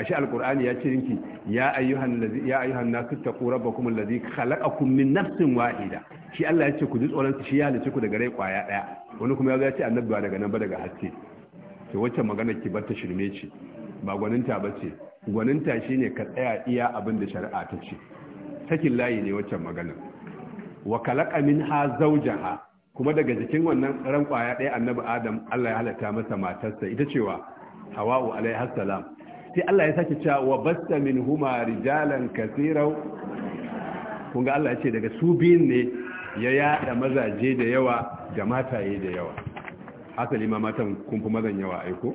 shi alkur'ani ya ce yinki ya ayyuhan na ya ayyuhan nasu taqu rabbakum allazi khalaqakum min nafsin wahida shi Allah ya ce ku ji tsoron shi ya halice ku daga rai kwaya daya wani kuma ya ce annabi ba daga nan ba daga haske to wacce magana ki bar ta shirme ce ba gwaninta ba ce gwaninta shine ka tsaya iya abin da shari'a ta ce sakin layi ne wacce magana wa min minha zawjaha kuma daga jikin wannan ran kwaya ɗaya annabi adam Allah ya halatta masa matarsa ita cewa hawa'u alaihi assalam sai Allah ya sake cewa wa basta min huma rijalan kaseerau kun ga Allah ya ce daga su biyun ne ya yada mazaje da yawa da mataye da yawa asali ma matan kun fi mazan yawa aiko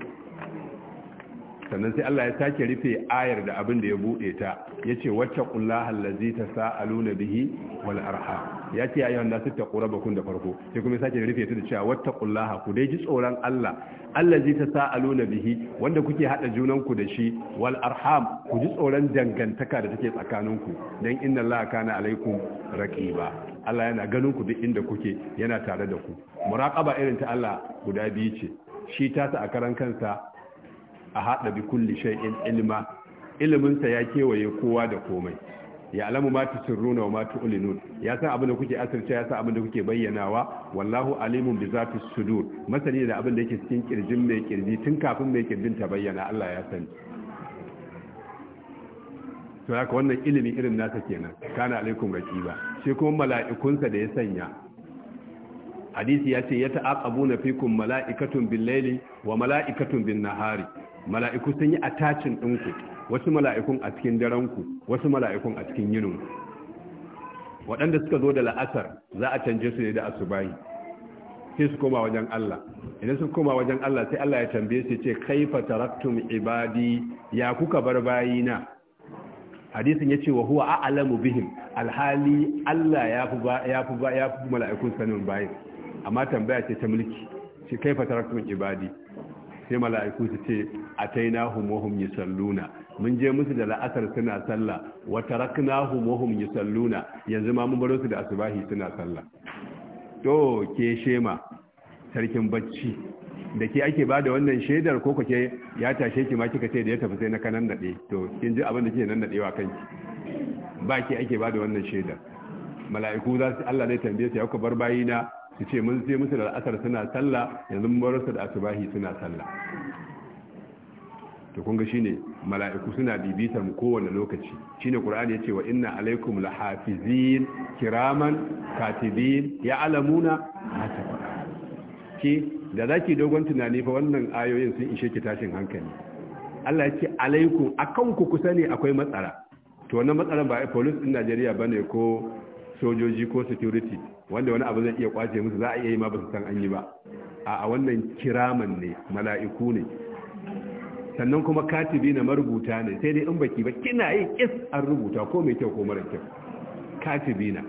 sannan sai Allah ya sake rufe ayar da abin da ya bude ta yace wacce qullaha allazi tasaluna bihi wal arham ya ce ayyuhan nasu taqura bakun da farko sai kuma sake rufe ta da cewa wattaqullaha ku dai ji tsoron Allah allah ta allazi tasaaluna bihi wanda kuke hada junan ku da shi wal arham ku ji tsoron dangantaka da take tsakanin ku dan inna Allah kana alaikum raqiba Allah yana ganin ku duk inda kuke yana tare da ku muraqaba irin ta Allah guda biyu ce shi ta a karan kansa a hada bi kulli shay'in ilma iliminsa ya kewaye kowa da komai ya alamu ma runa wa ma tu'linun ya san abin da kuke asirce ya san abin da kuke bayyanawa wallahu alimun bi zati sudur masani da abin da yake cikin kirjin mai kirji tun kafin mai kirjin ta bayyana Allah ya sani to haka wannan ilimi irin nasa kenan kana alaikum raqiba shi kuma mala'ikunsa da ya sanya hadisi ya ce yata ta'aqabuna fikum mala'ikatun bil laili wa mala'ikatun bin nahari mala'iku sun yi attaching ku wasu mala'ikun a cikin daranku wasu mala'ikun a cikin yinu waɗanda suka zo da la'asar za a canje su ne da asubahi sai su koma wajen Allah idan su koma wajen Allah sai Allah ya tambaye su ce kai taraktum ibadi ya kuka bar bayina hadisin ce wa huwa a'lamu bihim alhali Allah ya fi ya mala'ikun sanin bayi. amma tambaya ce ta mulki ce kaifa taraktum ibadi sai mala'iku su ce a ta yi na wa hum salluna mun je musu da la'asar suna sallah wa taraknahum wa hum salluna yanzu ma mun baro su da asubahi suna sallah to ke shema sarkin bacci da ke ake ba da wannan shaidar ko kake ya tashe ki ma kika ce da ya tafi sai na kanan nade to kin ji abin da kike nan wa kanki ba ke ake ba da wannan shaidar mala'iku za su Allah zai tambaye su ya ku bar bayina su ce mun je musu da la'asar suna sallah yanzu marasa da asubahi suna sallah to kun ga shine mala'iku suna bibitar mu kowane lokaci shine qur'ani yace wa inna alaikum lahafizin kiraman katibin ya'lamuna ma taqulun ke da zaki dogon tunani fa wannan ayoyin sun ishe ki tashin hankali Allah yace alaikum akan ku kusa ne akwai matsala to wannan matsalan ba police din Najeriya bane ko sojoji ko security wanda wani abu zai iya kwace musu za a iya yi ma ba su san an yi ba a wannan kiraman ne mala'iku ne sannan kuma katibi na marubuta ne sai dai in baki ba kina yi kis an rubuta ko mai kyau ko mara kyau katibi na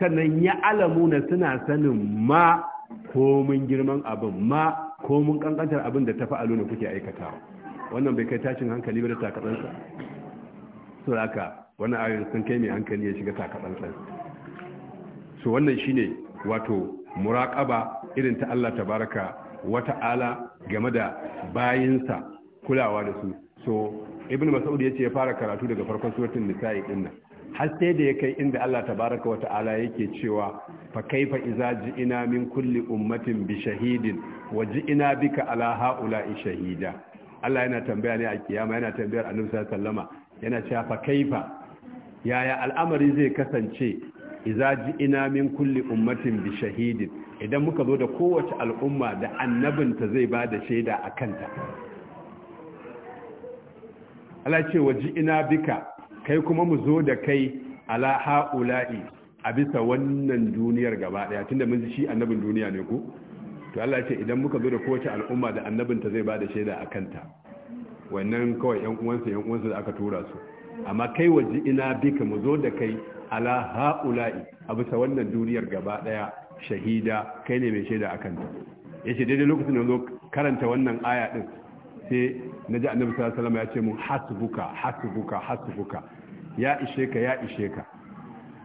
sannan ya alamu na suna sanin ma ko mun girman abin ma ko mun kankantar abin da ta fa'alu ne kuke aikatawa wannan bai kai tashin hankali ba da takatsansa saboda haka wannan ayoyin sun kai mai hankali ya shiga takatsansa so wannan shine wato muraƙaba irin ta Allah tabaraka Wata'ala game da bayinsa kulawa da su so Ibn mas'ud ce ya fara karatu daga farkon suratul nisa'i din har sai da ya kai inda Allah tabaraka Wata'ala yake cewa fa kaifa iza ji'ina min kulli ummatin bi shahidin wa ji'ina bika ala haula'i shahida Allah yana tambaya ne a kiyama yana tambayar Annabi sallallahu alaihi wasallama yana cewa fa kaifa yaya al'amari zai kasance iza ji ina min kulli ummatin bi shahidin idan muka zo da kowace al'umma da annabinta zai ba da shaida a kanta ala ce wa ji ina bika kai kuma mu zo da kai ala ha'ula'i a bisa wannan duniyar gaba daya tunda mun ji shi annabin duniya ne ko to Allah ce idan muka zo da kowace al'umma da annabinta zai ba da shaida a kanta wannan kawai yan uwansa yan uwansa da aka tura su amma kai waji ina bika mu zo da kai ala ha'ula'i a bisa wannan duniyar gaba daya shahida kai ne mai shaida akan ta yace daidai lokacin da zo karanta wannan aya din sai naji annabi sallallahu alaihi wasallam ya ce mu hasbuka hasbuka hasbuka ya ishe ka ya ishe ka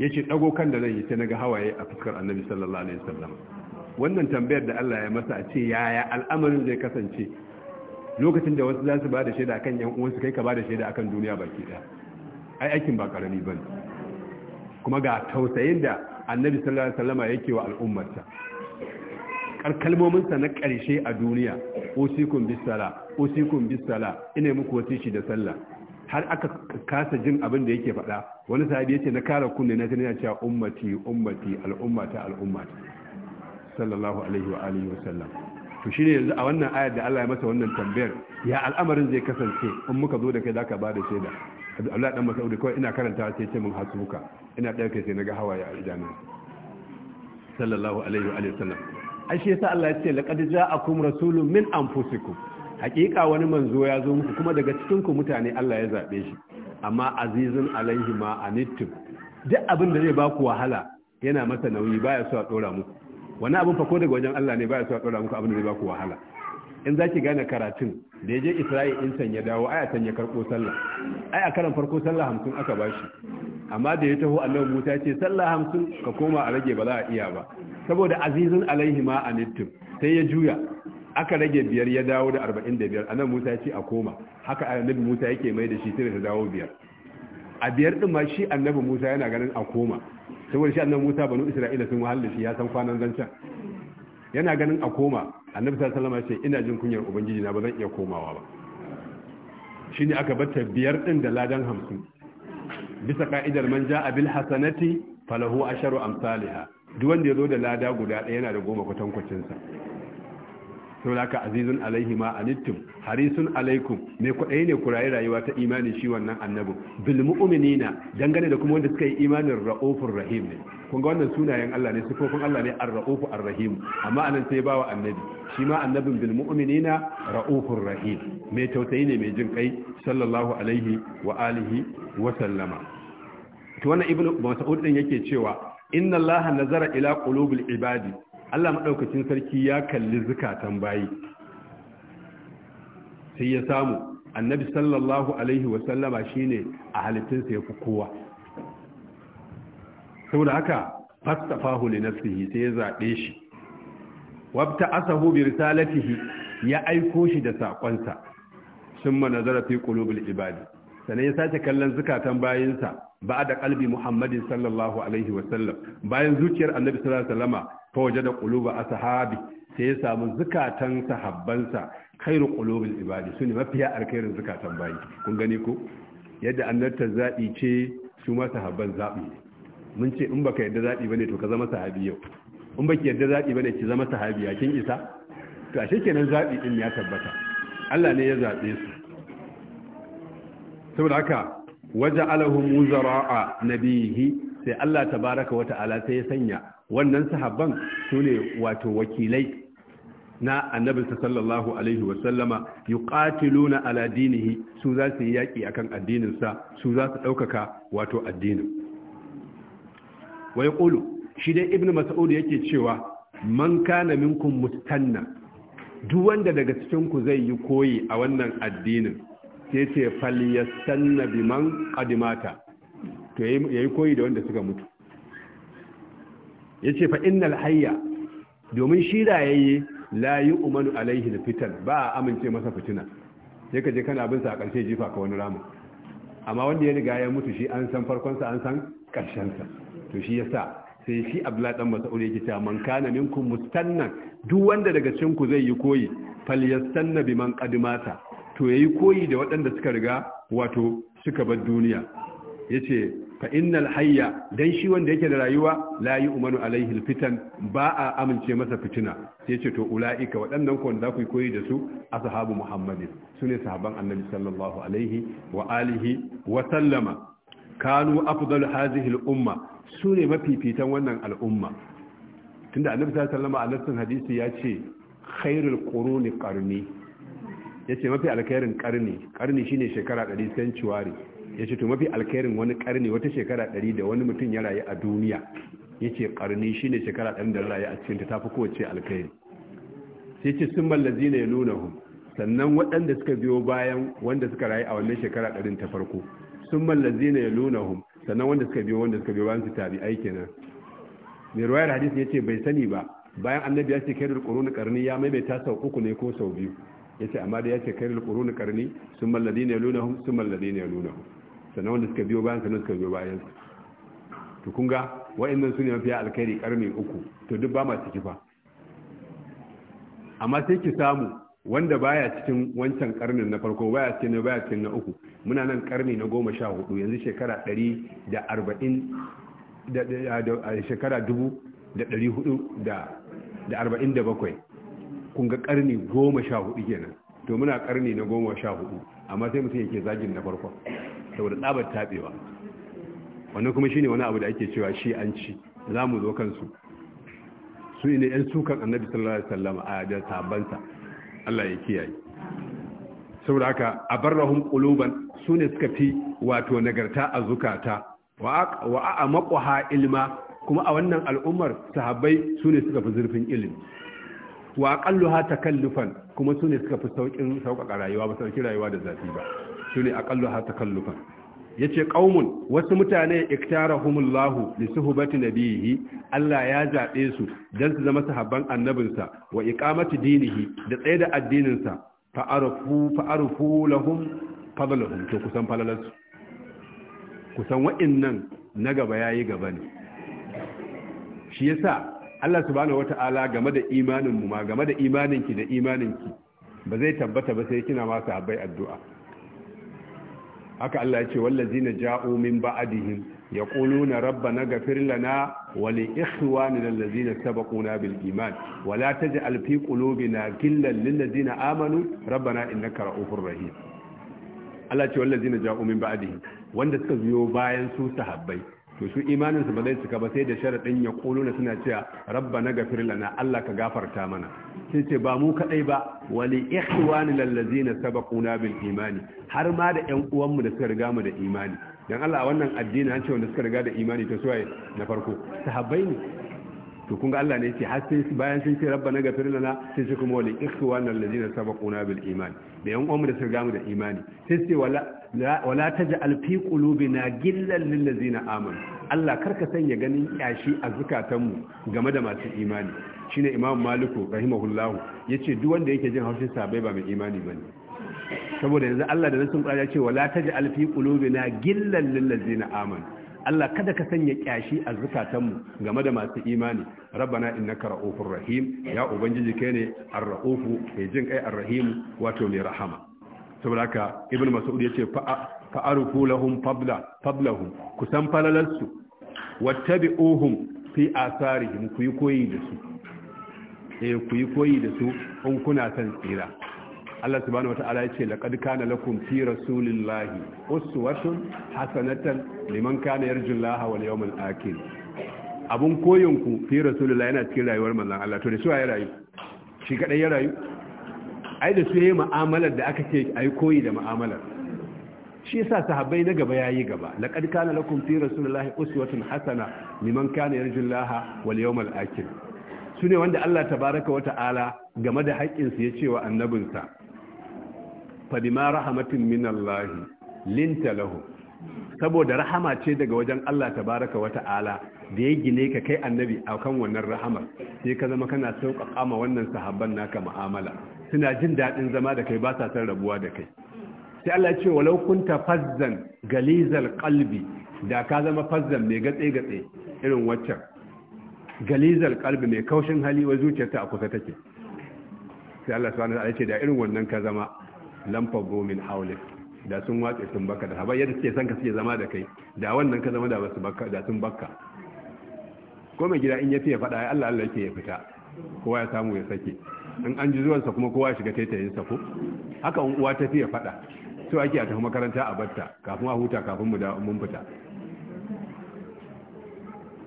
yace dago kan da zan yi sai naga hawaye a fuskar annabi sallallahu alaihi wasallam wannan tambayar da Allah ya masa a ce yaya al'amarin zai kasance lokacin da wasu za su ba da shaida akan yan uwansu kai ka ba da shaida akan duniya baki daya ai aikin ba karami bane kuma ga tausayin da annabi sallallahu alaihi wasallama yake wa al'ummarsa kalmominsa na ƙarshe a duniya usikun bisala usikun bisala ina muku shi da sallah har aka kasa jin abin da yake faɗa wani sahabi yace na kara kunne na tana cewa ummati ummati al'ummata al'ummata sallallahu alaihi wa alihi wa sallam to shine yanzu a wannan ayar da Allah ya masa wannan tambayar ya al'amarin zai kasance in muka zo da kai zaka bada shaida Abdullahi dan Mas'ud kawai ina karanta sai ce mun hasuka ina ɗaya kai sai na ga hawaye a idanun sallallahu alaihi wa sallam ai shi yasa Allah ya ce laqad ja'akum rasulun min anfusikum hakika wani manzo ya zo muku kuma daga cikin ku mutane Allah ya zabe shi amma azizun alaihi ma anittum duk abin da zai ba ku wahala yana masa nauyi baya so a dora muku wani abin fa ko daga wajen Allah ne baya so a dora muku abin da zai ba ku wahala in za ki gane karatun da ya je isra'il in san ya dawo aya san ya karɓo sallah ai a karan farko sallah hamsin aka bashi amma da ya taho annabi musa ce sallah hamsin ka koma a rage ba za a iya ba saboda azizun alaihi ma anittum sai ya juya aka rage biyar ya dawo da arba'in da biyar annabi musa ya ce a koma haka annabi musa yake mai da shi sai ta dawo biyar a biyar din ma shi annabi musa yana ganin a koma saboda shi annabi musa banu isra'ila sun wahala shi ya san kwanan zancan yana ganin a koma annabi sallallahu alaihi ce ina jin kunyar ubangiji na ba zan iya komawa ba shine aka bata biyar ɗin da ladan hamsin bisa ka'idar man ja'a bil hasanati falahu asharu amsalha duk wanda zo da lada guda ɗaya yana da goma kwatankwacin sa saulaka azizun alaihi ma anittum harisun alaikum mai kwaɗayi ne ku rayu rayuwa ta imani shi wannan annabin bil mu'minina dangane da kuma wanda suka yi imanin ra'ufur rahim ne kun ga wannan sunayen Allah ne sifofin Allah ne ar-ra'ufu ar-rahim amma anan sai bawa annabi shi ma annabin bil mu'minina ra'ufur rahim mai tausayi ne mai jin kai sallallahu alaihi wa alihi wa sallama to wannan ibnu mas'ud din yake cewa inna allaha nazara ila qulubil ibadi Allah maɗaukacin sarki ya kalli zukatan bayi sai ya samu annabi sallallahu alaihi wasallama shine a halittinsa ya fi kowa Sau da haka fastafahu li nafsihi sai ya zaɓe shi wabta asahu bi risalatihi ya aiko shi da saƙonsa Sun nazara fi qulubil ibadi sannan ya sace kallon zukatan bayinsa ba da kalbi muhammadin sallallahu alaihi wasallam bayan zuciyar annabi sallallahu alaihi wasallama fawaje da a sahabi sai ya samu zukatan sahabbansa khairu qulubil ibadi sune mafiya alkhairin zukatan bayi kun gani ko yadda annabta zabi ce su ma sahabban zabi mun ce in baka yadda zabi bane to ka zama sahabi yau in baki yadda zabi bane ki zama sahabi ya kin isa to ashe kenan zabi din ya tabbata Allah ne ya zabe su saboda haka waje alahun wuzara a nabihi sai Allah ta baraka wata ala sai ya sanya wannan sahabban su ne wato wakilai na annabi sallallahu alaihi sallama yuqatiluna ala dinihi su za su yi yaki akan addinin sa su za su daukaka wato addinin Wai Kulu shi dai ibnu mas'ud yake cewa man kana minkum mustanna duk wanda daga cikin ku zai yi koyi a wannan addinin sai ce falyastanna biman kadimata to yayi koyi da wanda suka mutu yace fa innal hayya domin shi rayayye layi umaru alaihi da fitan ba a amince masa fitina sai ka je kana bin sa a ƙarshe jifa ka wani ramu amma wanda ya riga ya mutu shi an san farkonsa an san ƙarshensa to shi ya sa sai shi abdullahi ɗan mas'ud yake cewa man kana minkum mustannan duk wanda daga cikin ku zai yi koyi falyastanna biman qadimata to ya yi koyi da waɗanda suka riga wato suka bar duniya yace fa innal hayya dan shi wanda yake da rayuwa la yu'manu alaihi fitan ba a amince masa fitina sai ce to ulaika waɗannan ko za ku koyi da su ashabu muhammadin ne sahaban annabi sallallahu alaihi wa alihi wa sallama kanu afdalu hadhihi al-umma sune mafifitan wannan al'umma tunda annabi sallallahu alaihi wasallam a nassin hadisi ya ce khairul quruni qarni yace mafi alkairin karni karni shine shekara 100 century ce to mafi alkairin wani karni wata shekara 100 da wani mutum ya rayu a duniya yace karni shine shekara 100 da rayu a cikin ta tafi kowace alkairi sai ce sun mallazi ne nuna hu sannan waɗanda suka biyo bayan wanda suka rayu a wannan shekara ɗarin ta farko sun mallazi ne nuna hu sannan wanda suka biyo wanda suka biyo bayan su tabi aiki na. mai ruwayar hadisi ya ce bai sani ba bayan annabi ya ce kai da na ƙarni ya maimaita sau uku ne ko sau biyu yace amma da yace kairul ne luna hun sun yalunahum ne luna hun sannan wanda suka biyo bayan sannan suka biyo bayan su kun ga wa'annan su ne mafiya alkairi ƙarni uku to duk ba masu kifa amma sai ki samu wanda baya cikin wancan ƙarnin na farko baya cikin na baya cikin na uku muna nan ƙarni na goma sha hudu yanzu shekara ɗari da arba'in da shekara dubu da ɗari hudu da arba'in da bakwai kun ga karni goma sha hudu kenan to muna karni na goma sha hudu amma sai mutum yake zagin na farko saboda tsabar tabewa wannan kuma shine wani abu da ake cewa shi an ci za mu zo kansu su ne yan sukan annabi sallallahu alaihi wasallam a da sabanta Allah ya kiyaye saboda haka abarrahum quluban su ne suka fi wato nagarta a zukata wa a ilma kuma a wannan al'ummar sahabbai su ne suka fi zurfin ilimi wa ta kallufan kuma su ne suka fi sauƙin sauƙaƙa rayuwa ba sauki rayuwa da zafi ba Su ne ta kallufan Ya ce ƙaumun, wasu mutane iktarahumullahu li na nabihi Allah ya zaɓe su don su zama sahabban annabinsa wa iqamati dinihi da tsaye da addininsa fa'arufu fa'arufu lahum kusan kusan wa'annan na gaba yayi gaba ne shi yasa Allah subhanahu wata'ala game da imanin mu ma game da imanin ki da imanin ki ba zai tabbata ba sai kina ma sahabbai addu'a haka Allah ya ce wallazina ja'u min ba'dihim yaquluna rabbana ghfir lana wa li ikhwanina allazina sabaquna bil iman wa la taj'al fi qulubina ghillan lil ladzina amanu rabbana innaka ra'ufur rahim Allah ce wallazina ja'u min ba'dihim wanda suka biyo bayan su sahabbai to su imanin ba zai cika ba sai da sharaɗin ya na suna cewa rabba rabbana gafir lana Allah ka gafarta mana sai ce ba mu kaɗai ba wani ikhwani lallazina sabaquna bil imani har ma da ƴan uwanmu da suka riga mu da imani Don Allah a wannan addini an ce wanda suka riga da imani to suwaye na farko sahabbai ne to kun ga Allah ne yake har sai bayan sun ce rabba rabbana gafir lana sai su kuma wani ikhwani lallazina sabaquna bil imani da yan uwanmu da suka gamu da imani sai sai wala alfi kulubi na gillan lil na aman. Allah karka sanya ganin kyashi a zukatanmu game da masu imani Shi shine Imam Maliku rahimahullahu ce duk wanda yake jin haushin sabai ba mai imani ne saboda yanzu Allah da nasin kwaya ce wala alfi kulubi na gillan lil na aman. Allah kada ka sanya kyashi a zukatanmu game da masu imani rabbana innaka ra'ufur rahim ya ubangiji kai ne ar-ra'ufu mai jin kai ar-rahim wato mai rahama saboda haka ibnu mas'ud yace fa arfu lahum fadla fadlahum kusan falalarsu wattabi'uhum fi asarihim ku yi koyi da su eh ku yi koyi da su in kuna san tsira Allah subhanahu wata'ala ya ce laqad kana lakum fi rasulillahi uswatun hasanatan liman kana yarjullaha wal yawmal akhir abun koyon ku fi rasulillahi yana cikin rayuwar manzon Allah to da shi ya rayu shi kadai ya rayu ai da su yayi mu'amalar da aka ce ai koyi da mu'amalar shi yasa sahabbai na gaba yayi gaba laqad kana lakum fi rasulillahi uswatun hasana liman kana yarjullaha wal yawmal akhir sune wanda Allah tabaaraka baraka ta'ala game da haƙƙinsu ya ce wa annabinsa Fadima rahamatin min Allah linta lahu saboda rahama ce daga wajen Allah tabaraka wa ta'ala da ya gine ka kai annabi a kan wannan rahamar sai ka zama kana sauƙaƙa ma wannan sahabban naka mu'amala suna jin daɗin zama da kai ba sa san rabuwa da kai sai Allah ce walau kunta fazzan galizal qalbi da ka zama fazzan mai gatse gatse irin waccan galizal qalbi mai kaushin hali wa zuciyarta a kusa take sai Allah subhanahu wa ta'ala ce da irin wannan ka zama lamfa gomin haulik da sun watsa sun baka da haɓar yadda suke son ka suke zama da kai da wannan ka zama da basu baka da sun baka ko mai gida in ya fiye faɗa ya Allah Allah yake ya fita kowa ya samu ya sake in an ji zuwansa kuma kowa ya shiga taitayin sa ko haka in uwa ta fiye faɗa so ake a tafi makaranta a batta kafin a huta kafin mu da mun fita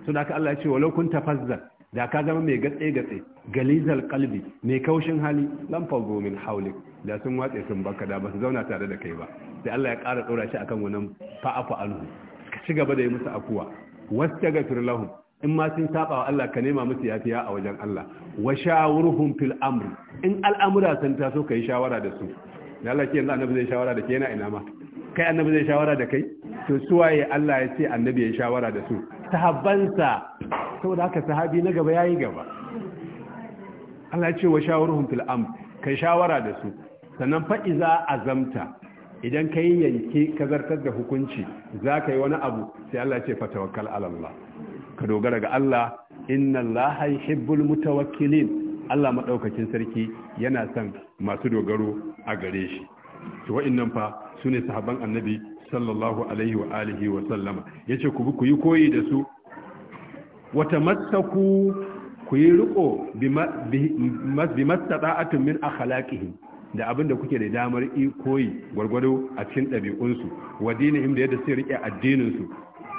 sun haka Allah ya ce walau kun tafazzar da ka zama mai gatse gatse galizal kalbi mai kaushin hali lam fago min haulik da sun watse sun baka da ba su zauna tare da kai ba sai Allah ya ƙara ɗora shi akan wannan fa'afu anhu ka ci gaba da yi musu akuwa wastagfir lahum in ma sun saba wa Allah ka nema musu yafiya a wajen Allah wa shawurhum fil amr in al'amura sun taso kai shawara da su da Allah ke yanzu annabi zai shawara da ke yana ina ma kai annabi zai shawara da kai to suwaye Allah ya ce annabi ya shawara da su sahabbansa saboda haka sahabi na gaba yayi gaba Allah ce wa shawaruhum fil kai shawara da su sannan fa iza azamta idan kai yanke ka zartar da hukunci zaka yi wani abu sai Allah ce fa tawakkal ala Allah ka dogara ga Allah inna Allah yuhibbul mutawakkilin Allah madaukakin sarki yana son masu dogaro a gare shi to wa'annan fa sune sahabban annabi sallallahu alaihi wa alihi wa sallama yace ce ku yi koyi da su Wata tamassaku ku yi riko bi mastata'atin min akhlaqihim da abin da kuke da damar koyi gwargwado a cikin ɗabi'unsu wa dinihim da yadda sai rike addininsu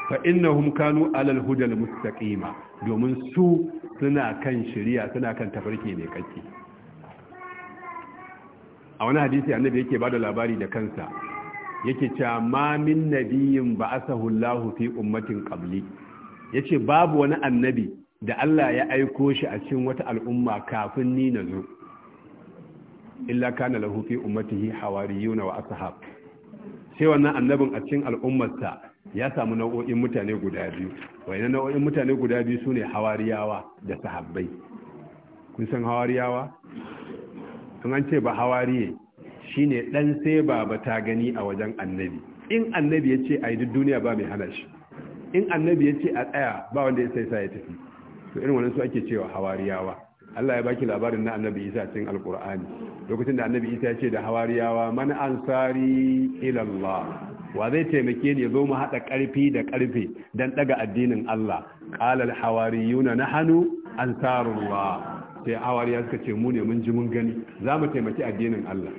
fa innahum kanu alal hudal mustaqima domin su suna kan shari'a suna kan tafarki ne kake a wani hadisi annabi yake bada labari da kansa yake cewa ma min nabiyin ba asahu Allahu fi ummatin qabli yace babu wani annabi da Allah ya aiko shi a cikin wata al'umma kafin ni na zo illa kana lahu fi ummatihi hawariyun wa ashab sai wannan annabin a cikin al'ummarsa ya samu nau'o'in mutane guda biyu wayannan nau'o'in mutane guda biyu sune hawariyawa da sahabbai kun san hawariyawa an ce ba hawariye Shi ne ɗan sai baba ta gani a wajen annabi in annabi ya ce a yi duniya ba mai hana shi in annabi ya ce a tsaya ba wanda ya sai sa ya tafi to irin wani su ake cewa hawariyawa Allah ya baki labarin na annabi Isa cikin alkur'ani lokacin da annabi Isa ya ce da hawariyawa man ansari tsari wa zai taimake ni ya zo mu haɗa ƙarfi da karfe don ɗaga addinin Allah qala alhawariyuna nahnu ansarullah sai hawariya suka ce mu ne mun ji mun gani za mu taimaki addinin Allah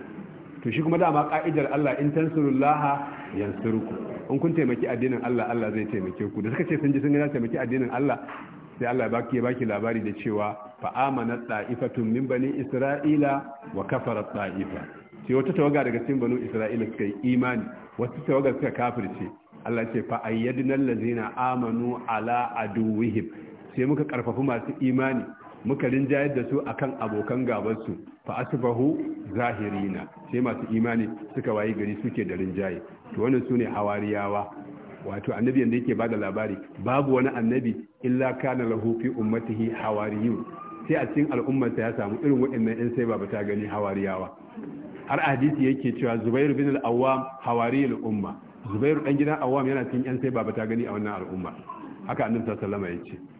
to shi kuma dama ka'idar Allah in tansurullaha yansuruku in kun taimaki addinin Allah Allah zai taimake ku da suka ce sun ji sun ga taimaki addinin Allah sai Allah baki ya baki labari da cewa fa amana ta'ifatun min bani isra'ila wa kafara ta'ifa sai wata tawaga daga cikin banu isra'ila suka yi imani wata tawaga suka kafirce Allah ce fa ayyadnal ladzina amanu ala aduwihim sai muka karfafi masu imani muka rinjayar da su akan abokan gaban su fa asbahu zahirina sai masu imani suka wayi gari suke da rinjaye to wannan sune hawariyawa wato annabi yanda yake bada labari babu wani annabi illa kana lahu fi ummatihi hawariyun sai a cikin al'ummarsa ya samu irin waɗannan yan sai ba ta gani hawariyawa har hadisi yake cewa Zubair bin al-Awwam hawariyul umma Zubair dan gidan Awwam yana cikin yan sai ba ta gani a wannan al'umma haka annabi sallallahu alaihi wasallam ya ce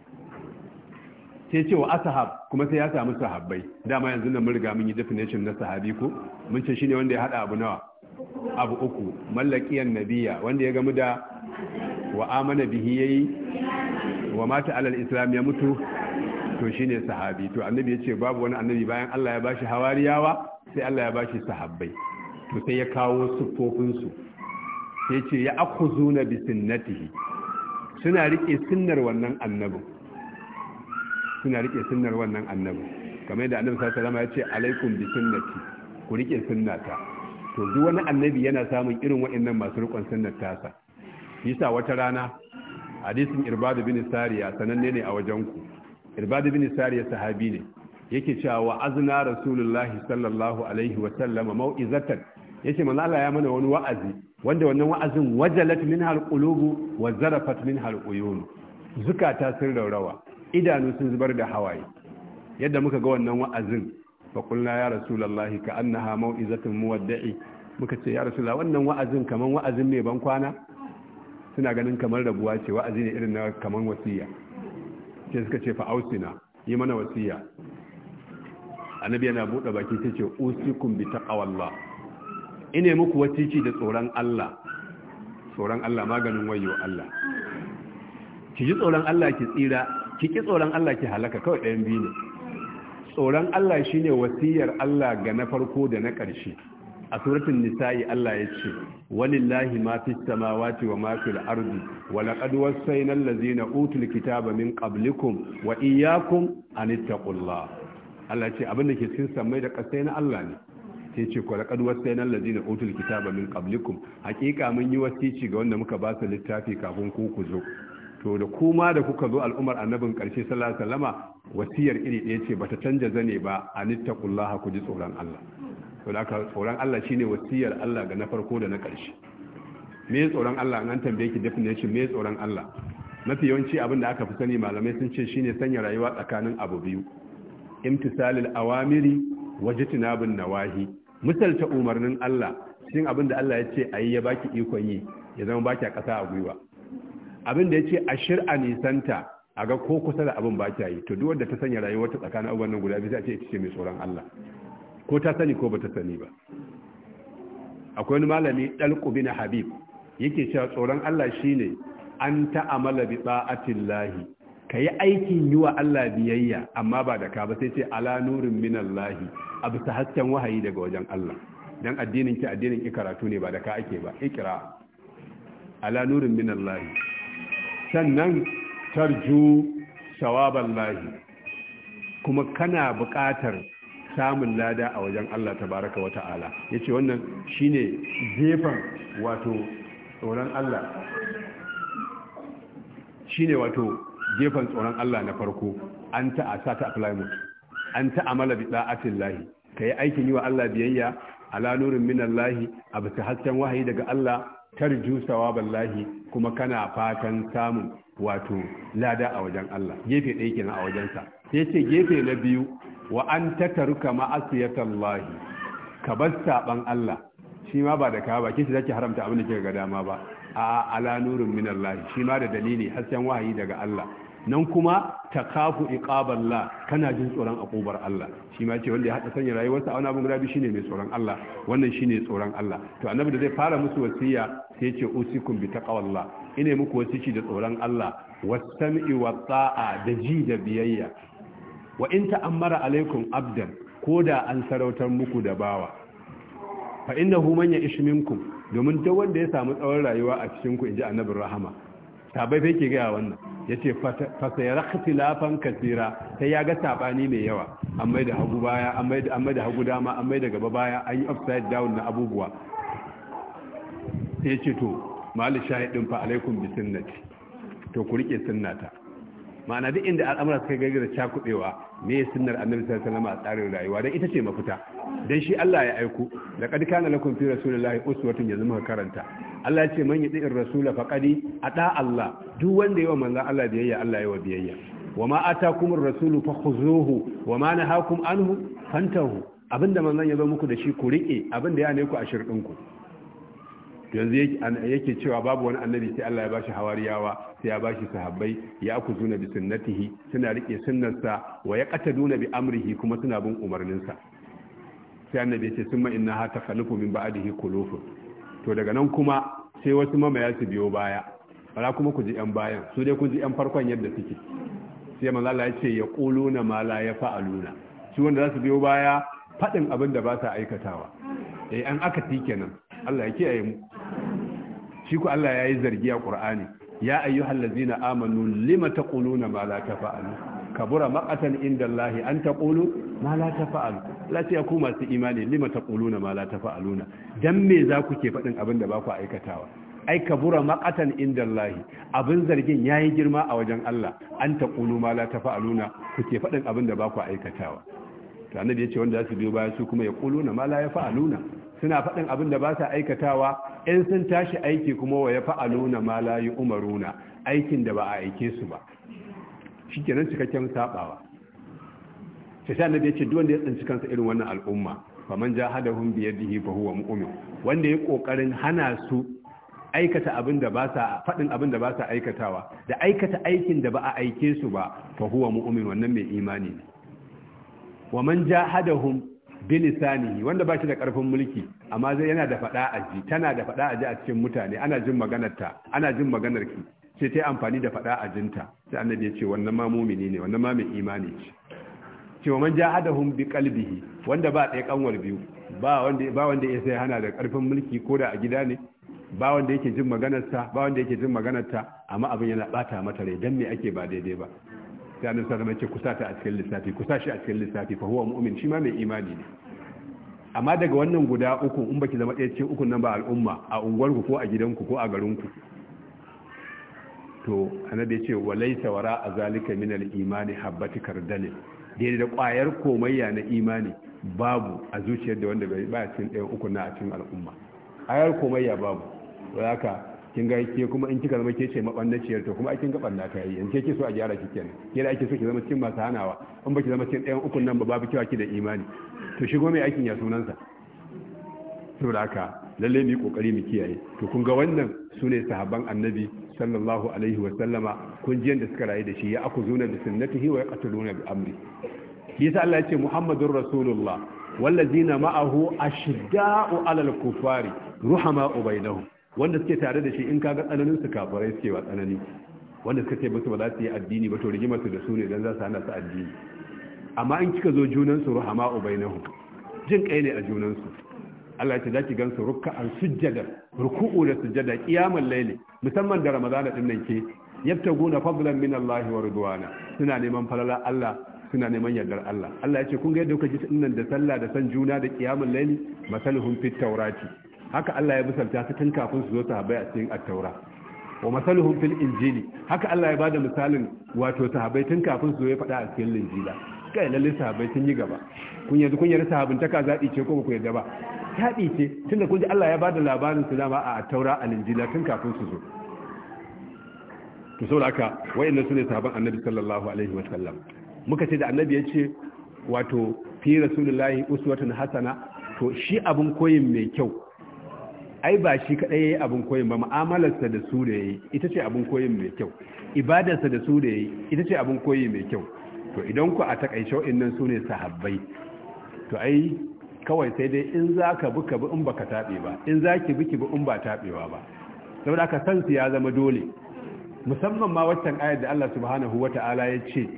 sai ce wa ashab kuma sai ya samu sahabbai dama yanzu nan mun riga mun yi definition na sahabi ko mun ce shine wanda ya hada abu nawa abu uku mallakiyan nabiya wanda ya gamu da wa amana bihi yayi wa mata alal islam ya mutu to shine sahabi to annabi ya ce babu wani annabi bayan Allah ya bashi hawariyawa sai Allah ya bashi sahabbai to sai ya kawo siffofin su sai ce ya akhuzuna bi suna rike sunnar wannan annabin suna rike sunnar wannan annabi kamar yadda annabi sallallahu alaihi wasallam ya ce alaikum bi sunnati ku rike sunnata to duk wani annabi yana samun irin waɗannan masu rikon sunnar tasa yasa wata rana hadisin irbadu bin sariya sananne ne a wajen ku irbadu bin sariya sahabi ne yake cewa wa azna rasulullahi sallallahu alaihi wa mau'izatan yace manzo Allah ya mana wani wa'azi wanda wannan wa'azin wajalat min halqulubu wa zarafat min halquyun zukata sun raurawa idanu sun zubar da hawaye yadda muka ga wannan wa'azin fa qulna ya rasulullahi ka annaha mau'izatun muwadda'i muka ce ya rasulullah wannan wa'azin kaman wa'azin mai ban kwana suna ganin kamar rabuwa ce wa'azi ne irin na kaman wasiya ce suka ce fa ausina yi mana wasiya annabi yana bude baki tace usikum bi taqwallah ine muku wasici da tsoron Allah tsoron Allah maganin wayo Allah ki ji tsoron Allah ki tsira ki ki tsoron Allah ki halaka kawai ɗayan biyu ne tsoron Allah shi ne wasiyar Allah ga na farko da na ƙarshe a suratun nisa'i Allah ya ce walillahi ma fis samawati wa ma fil ardi wa laqad wassayna allazina utul kitaba min qablikum wa iyyakum an ittaqullah Allah ce abin da ke cikin samai da ƙasai na Allah ne sai ce ko laqad wassayna allazina utul kitaba min qablikum hakika mun yi wasici ga wanda muka ba su littafi kafin ku ku zo to da kuma da kuka zo al'ummar annabin ƙarshe sallallahu alaihi wasallama wasiyar iri ɗaya ce bata canja zane ba anittaqullaha ku ji tsoron Allah to da aka tsoron Allah shine wasiyar Allah ga na farko da na ƙarshe me tsoron Allah an tambaye ki definition me tsoron Allah mafi yawanci abin da aka fi sani malamai sun ce shine sanya rayuwa tsakanin abu biyu imtisalil awamiri wajtinabun nawahi misalta umarnin Allah cikin abin da Allah ya ce ayi ya baki ikon yi ya zama baki a ƙasa a gwiwa abin da ya ashir a nisanta a ga ko kusa da abin ba ta yi to duk wanda ta sanya rayuwar ta tsakanin abubuwan nan guda biyu sai a ce ita ce mai tsoron Allah ko ta sani ko bata sani ba akwai wani malami dalqu bin habib yake cewa tsoron Allah shine an ta'amala bi ta'atillahi kayi aikin yi wa Allah biyayya amma ba da ka ba sai ce ala nurin minallahi a ta hasken wahayi daga wajen Allah dan addinin ki addinin ki karatu ne ba da ka ake ba ikra ala nurin minallahi sannan tarju sawaban lahi kuma kana buƙatar samun lada a wajen Allah tabaraka wa ta'ala ya ce wannan shine zefan wato tsoron Allah ne wato gefen tsoron Allah na farko an ta a sata aflaimut an ta amala bi ɗa'atin lahi ka yi aikin yi wa Allah biyayya ala nurin minan lahi a bisa hasken wahayi daga Allah tarju ballahi kuma kana fatan samun wato lada a wajen Allah gefe ɗaya kenan a wajensa sai ce gefe na biyu wa an tataruka ma'asiyatallahi ka bar saban Allah shi ma ba da ka ba kishi zaki haramta abin da kika ga dama ba a ala nurun minallahi shi ma da dalili hasken wahayi daga Allah nan kuma ta kafu la kana jin tsoron akubar Allah shi ma ce wanda ya hada sanya rayuwarsa a wani abin guda shine mai tsoron Allah wannan shine tsoron Allah to annabi da zai fara musu wasiya sai ce usikum bi taqwallah ine muku wasici da tsoron Allah wasami wa ta'a da ji da biyayya wa in ta'ammara alaikum abdan ko da an sarautar muku da bawa fa innahu man ya'ish minkum domin duk wanda ya samu tsawon rayuwa a cikin ku inji annabi rahama tabai fa yake ga wannan ya ce fasayar tilafan kasira sai ya ga saɓani mai yawa an mai da hagu baya an mai da hagu dama an mai da gaba baya an yi upside down na abubuwa sai ce to mali shahidin fa alaikun bi sunnati to ku rike sunnata ma'ana duk inda al'amura suka gaggara cakudewa me sunnar annabi sallallahu alaihi wasallam a tsarin rayuwa dan ita ce mafita dan shi Allah ya aiko laqad kana lakum fi rasulillahi uswatun yanzu muka karanta Allah ya ce man yati'ir rasula faqadi da Allah duk wanda yawa manzo Allah biyayya Allah wa biyayya wama atakumur rasulu fakhuzuhu wama nahakum anhu fantahu abinda manzon ya zo muku da shi ku rike abinda ya ne ku a shirdin ku yanzu yake cewa babu wani annabi sai Allah ya bashi hawariyawa sai ya bashi sahabbai ya zuna bi sunnatihi suna rike sunnarsa wa ya qataduna bi amrihi kuma suna bin umarninsa sai annabi ya ce summa inna ha takhalufu min ba'dihi kulufu to daga nan kuma sai wasu mamaya su biyo baya bara kuma ku ji yan bayan su dai kun ji yan farkon yadda suke sai manzo Allah ya ce yaquluna ma la yafa'aluna shi wanda za su biyo baya faɗin abin da ba sa aikatawa eh an aka tike nan Allah ya kiyaye mu shi ku Allah ya yi zargi a ƙur'ani ya ayyu ladzina amanu lima taquluna ma la tafa'alu kabura maqatan inda Allah an taqulu ma la tafa'alu la ce ku masu imani lima taquluna ma la tafa'aluna don me za ku ke fadin abin da ba ku aikatawa ai kabura maqatan inda Allah abin zargin yi girma a wajen Allah an taqulu ma la tafa'aluna ku ke fadin abin da ba ku aikatawa to annabi ya ce wanda za su biyo baya su kuma ya quluna ma la yafa'aluna suna faɗin abin da ba sa aikatawa in sun tashi aiki kuma wa ya fa'aluna ma umaru na aikin da ba a aike su ba shikenan cikakken saɓawa. shashan na annabi ya ce duwanda ya tsinci kansa irin wannan al'umma hada hun biyar yadihi fa huwa mu'min wanda ya ƙoƙarin hana su aikata abin da ba sa faɗin abin da ba sa aikatawa da aikata aikin da ba a aike su ba fa huwa mu'min wannan mai imani ne wa man jahadahum bi lisanihi wanda ba shi da karfin mulki amma zai yana da faɗa a ji tana da faɗa a ji a cikin mutane ana jin maganarta ana jin maganar ki sai ta amfani da faɗa a jinta sai annabi ya ce wannan ma mumini ne wannan ma mai imani ce ce wa man jahadahum bi qalbihi wanda ba ɗaya kanwar biyu ba wanda ba wanda ya sai hana da karfin mulki ko da a gida ne ba wanda yake jin maganarsa ba wanda yake jin maganarta amma abin yana bata mata rai dan me ake ba daidai ba sai annabi sallallahu alaihi wasallam ya ce kusa ta a cikin lissafi kusa shi a cikin lissafi fa huwa mu'min shi ma mai imani ne amma daga wannan guda uku in baki zama ɗaya cikin ukun nan ba al'umma a unguwarku ko a gidanku ko a garinku to ana ya ce walaisa wara a zalika min al-imani habbati kardalin daidai da kwayar komayya na imani babu a zuciyar da wanda bai ba cikin ɗaya ukun na a cikin al'umma ayar komayya babu haka kin ga ke kuma in kika zama ke ce mabannaciyar to kuma aikin gabanna ta yi in ke so a gyara ki kenan yana ake so ki zama cikin masu hanawa in baki zama cikin ɗayan ukun nan ba babu kiwa ki da imani to shigo mai aikin ya sunansa saboda haka lalle mu kokari mu kiyaye to kun ga wannan sune sahabban annabi sallallahu alaihi wa sallama kun ji yanda suka rayu da shi ya akuzuna bi sunnatihi wa yaqtuluna bi amri yasa Allah ya ce Muhammadur Rasulullah wallazina ma'ahu ashda'u 'alal kufari ruhama bainahum wanda suke tare da shi in kaga tsananin su kafirai suke wa tsanani wanda suka ce musu ba za su yi addini ba to rigima su da su ne dan za su hana su addini amma in kika zo junan su ruhama ubainahu jin kai ne a junan su Allah ya ce zaki gansu ruk'an sujjada ruku'u da sujjada qiyamul layli musamman da ramadana din nan ke yabtaguna fadlan min Allah wa ridwana suna neman falala Allah suna neman yardar Allah Allah ya ce kun ga yadda kuka ji nan da sallah da san juna da qiyamul layli masaluhum fit tawrati haka Allah ya misalta su tun kafin su zo sahabbai a cikin at-taura wa masaluhum fil injili haka Allah ya bada misalin wato sahabbai tun kafin su zo ya faɗa a cikin injila kai lalle sahabbai sun yi gaba kun yanzu kun yarda sahabbin ta ka zabi ce ko ku yarda ba taɗi ce tunda kun ji Allah ya bada labarin su dama a at-taura a injila tun kafin su zo to saboda haka wayannan sune sahabban annabi sallallahu alaihi wa sallam muka ce da annabi ya ce wato fi rasulullahi uswatun hasana to shi abun koyin mai kyau ai ba shi kaɗai ya yi abin koyin ba mu'amalarsa da su da ya yi ita ce abin koyin mai kyau ibadarsa da su da ya yi ita ce abin koyi mai kyau to idan ku a takaice wa'annan su ne sahabbai to ai kawai sai dai in za ka bi ka bi in ba ka taɓe ba in za ki bi ki bi in ba taɓewa ba saboda ka san su ya zama dole musamman ma waccan ayar da Allah subhanahu wa ya ce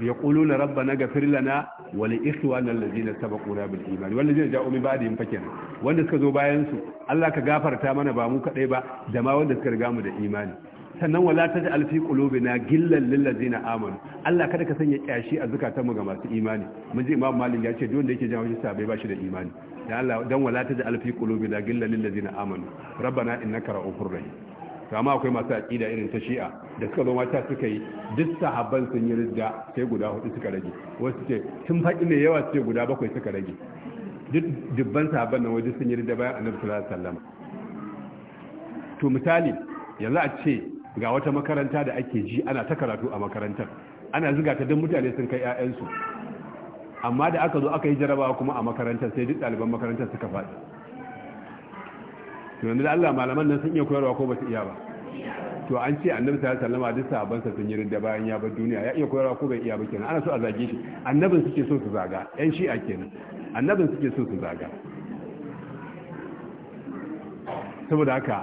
yaquluna rabbana ghfir lana wa li ikhwana alladhina sabaquna bil iman wal ladina ja'u min ba'dihim fakena wanda suka zo bayan su Allah ka gafarta mana ba mu kaɗai ba da ma wanda suka riga mu da imani sannan wala taj'al fi qulubina gillan lil ladina amanu Allah kada ka sanya kyashi a zukatanmu ga masu imani mun ji Imam Malik ya ce duk wanda yake jawo shi sabai ba shi da imani dan Allah dan wala taj'al fi qulubina gillan lil ladina amanu rabbana innaka ra'ufur rahim to ma akwai masu aƙida irin ta shi'a da suka zama ta suka yi duk sahabban sun yi ridda sai guda hudu suka rage wasu ce sun faɗi ne yawa ce guda bakwai suka rage duk dubban sahabban nan wajen sun yi ridda bayan annabi sallallahu alaihi wasallam to misali yanzu a ce ga wata makaranta da ake ji ana ta karatu a makarantar ana ziga ta duk mutane sun kai 'ya'yansu amma da aka zo aka yi jarabawa kuma a makarantar sai duk ɗaliban makarantar suka faɗi yanzu da Allah malaman nan sun iya koyarwa ko ba su iya ba to an ce annabi sallallahu alaihi wasallam duk sahabbansa sun yi ridda bayan ya bar duniya ya iya koyarwa ko bai iya ba kenan ana so a zage shi annabin suke so su zaga yan shi'a kenan annabin suke so su zaga saboda haka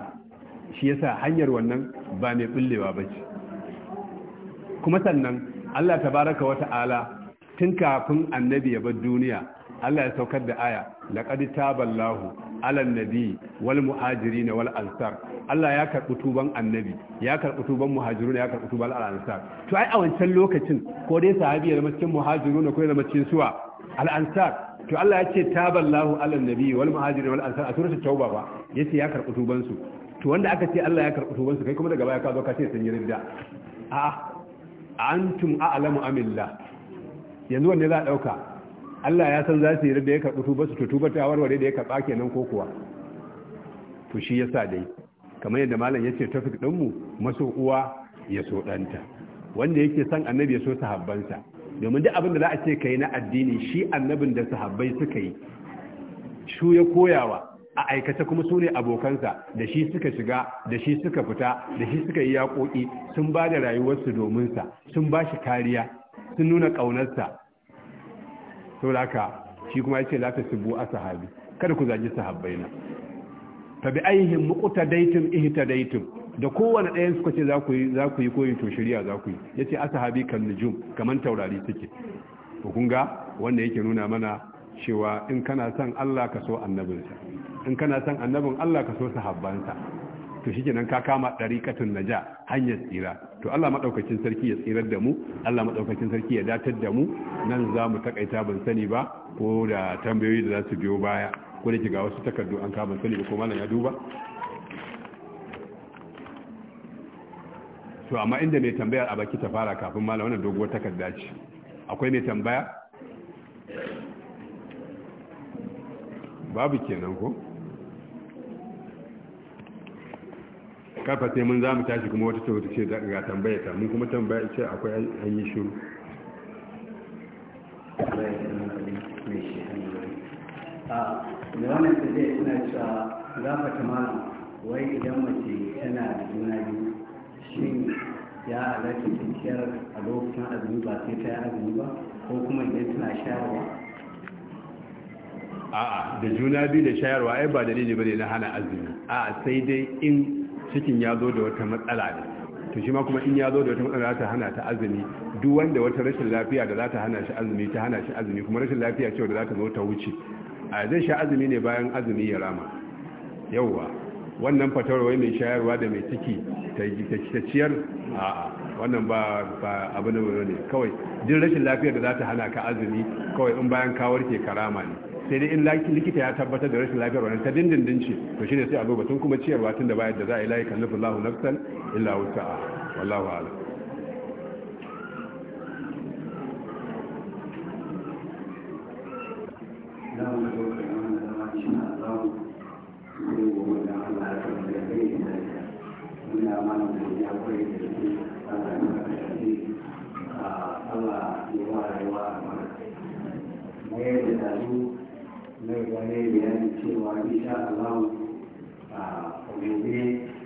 shi yasa hanyar wannan ba mai bullewa ba ce kuma sannan Allah tabaraka wa ta'ala tun kafin annabi ya bar duniya Allah ya saukar da aya laqad taballahu alan nabi wal muhajirin wal ansar Allah ya karbi tuban annabi ya karbi tuban muhajirun ya karbi tuban al ansar to ai a wancan lokacin ko dai sahabi ya zama cikin muhajirun ko ya zama cikin suwa al ansar to Allah ya ce taballahu alan nabi wal muhajirin wal ansar a suratul tauba ba yace ya karbi tuban su to wanda aka ce Allah ya karbi tuban su kai kuma daga baya ka zo ka ce sun yi ridda a antum a'lamu amillah yanzu wanne za a dauka Allah ya san za su yi da ya karɓi tuba su tuba ta warware da ya karɓa kenan ko kuwa to shi ya sa dai kamar yadda malam ya ce tafik ɗinmu maso uwa ya so ɗanta wanda yake son annabi ya so sahabbansa domin duk abin da za a ce kai na addini shi annabin da sahabbai suka yi shu ya koyawa a aikace kuma su ne abokansa da shi suka shiga da shi suka fita da shi suka yi yaƙoƙi sun ba da rayuwarsu domin sa sun ba shi kariya sun nuna ƙaunarsa saboda shi kuma ya yace su tasubbu sahabi kada ku zaji na zagi sahabbaina tabi'aihim muqtadaitum ihtadaitum da kowane ɗayan suka ce za ku yi za ku yi to za ku yi yace ashabi kan nijum kamar taurari suke hukunga wanda yake nuna mana cewa in kana son Allah ka so annabinsa in kana son annabin Allah ka so sahabbansa to kenan ka kama na ja hanyar tsira to Allah maɗaukacin sarki ya tsirar da mu Allah maɗaukacin sarki ya datar da mu nan za mu taƙaita ban sani ba ko da tambayoyi da za su biyo baya ko da ga wasu takardu an kama sani ba ko malam ya duba to amma inda mai tambayar a baki ta fara kafin malam wannan doguwar takarda ce akwai mai tambaya babu kenan ko kafa sai mun za mu tashi kuma wata wata ce ga tambaya ta mun kuma tambaya ce akwai an yi shuru cewa da juna biyu ya a lokacin azumi kuma idan tana shayarwa a'a da juna biyu da shayarwa ai ba dalili ba ne na hana azumi a'a sai dai in cikin ya zo da wata matsala ne to shi ma kuma in ya zo da wata matsala ta hana ta azumi duk wanda wata rashin lafiya da za ta hana shi azumi ta hana shi azumi kuma rashin lafiya ce da za ta zo ta wuce a zai sha azumi ne bayan azumi ya rama yauwa wannan fatarwai mai shayarwa da mai ciki ta ciyar a wannan ba abu ne kawai duk rashin lafiya da za ta hana ka azumi kawai in bayan kawar ke karama ne sai dai in likita ya tabbatar da rashin lafiyar wani ta dindindin ce to shine sai a zo batun kuma ciyarwa tun da bayan da za a yi layi kallafu lahu nafsan illa wuta Allah ya rayuwa a mara. Mayar da you. na riga ne bayani cewa insha Allah ah, a kwamiti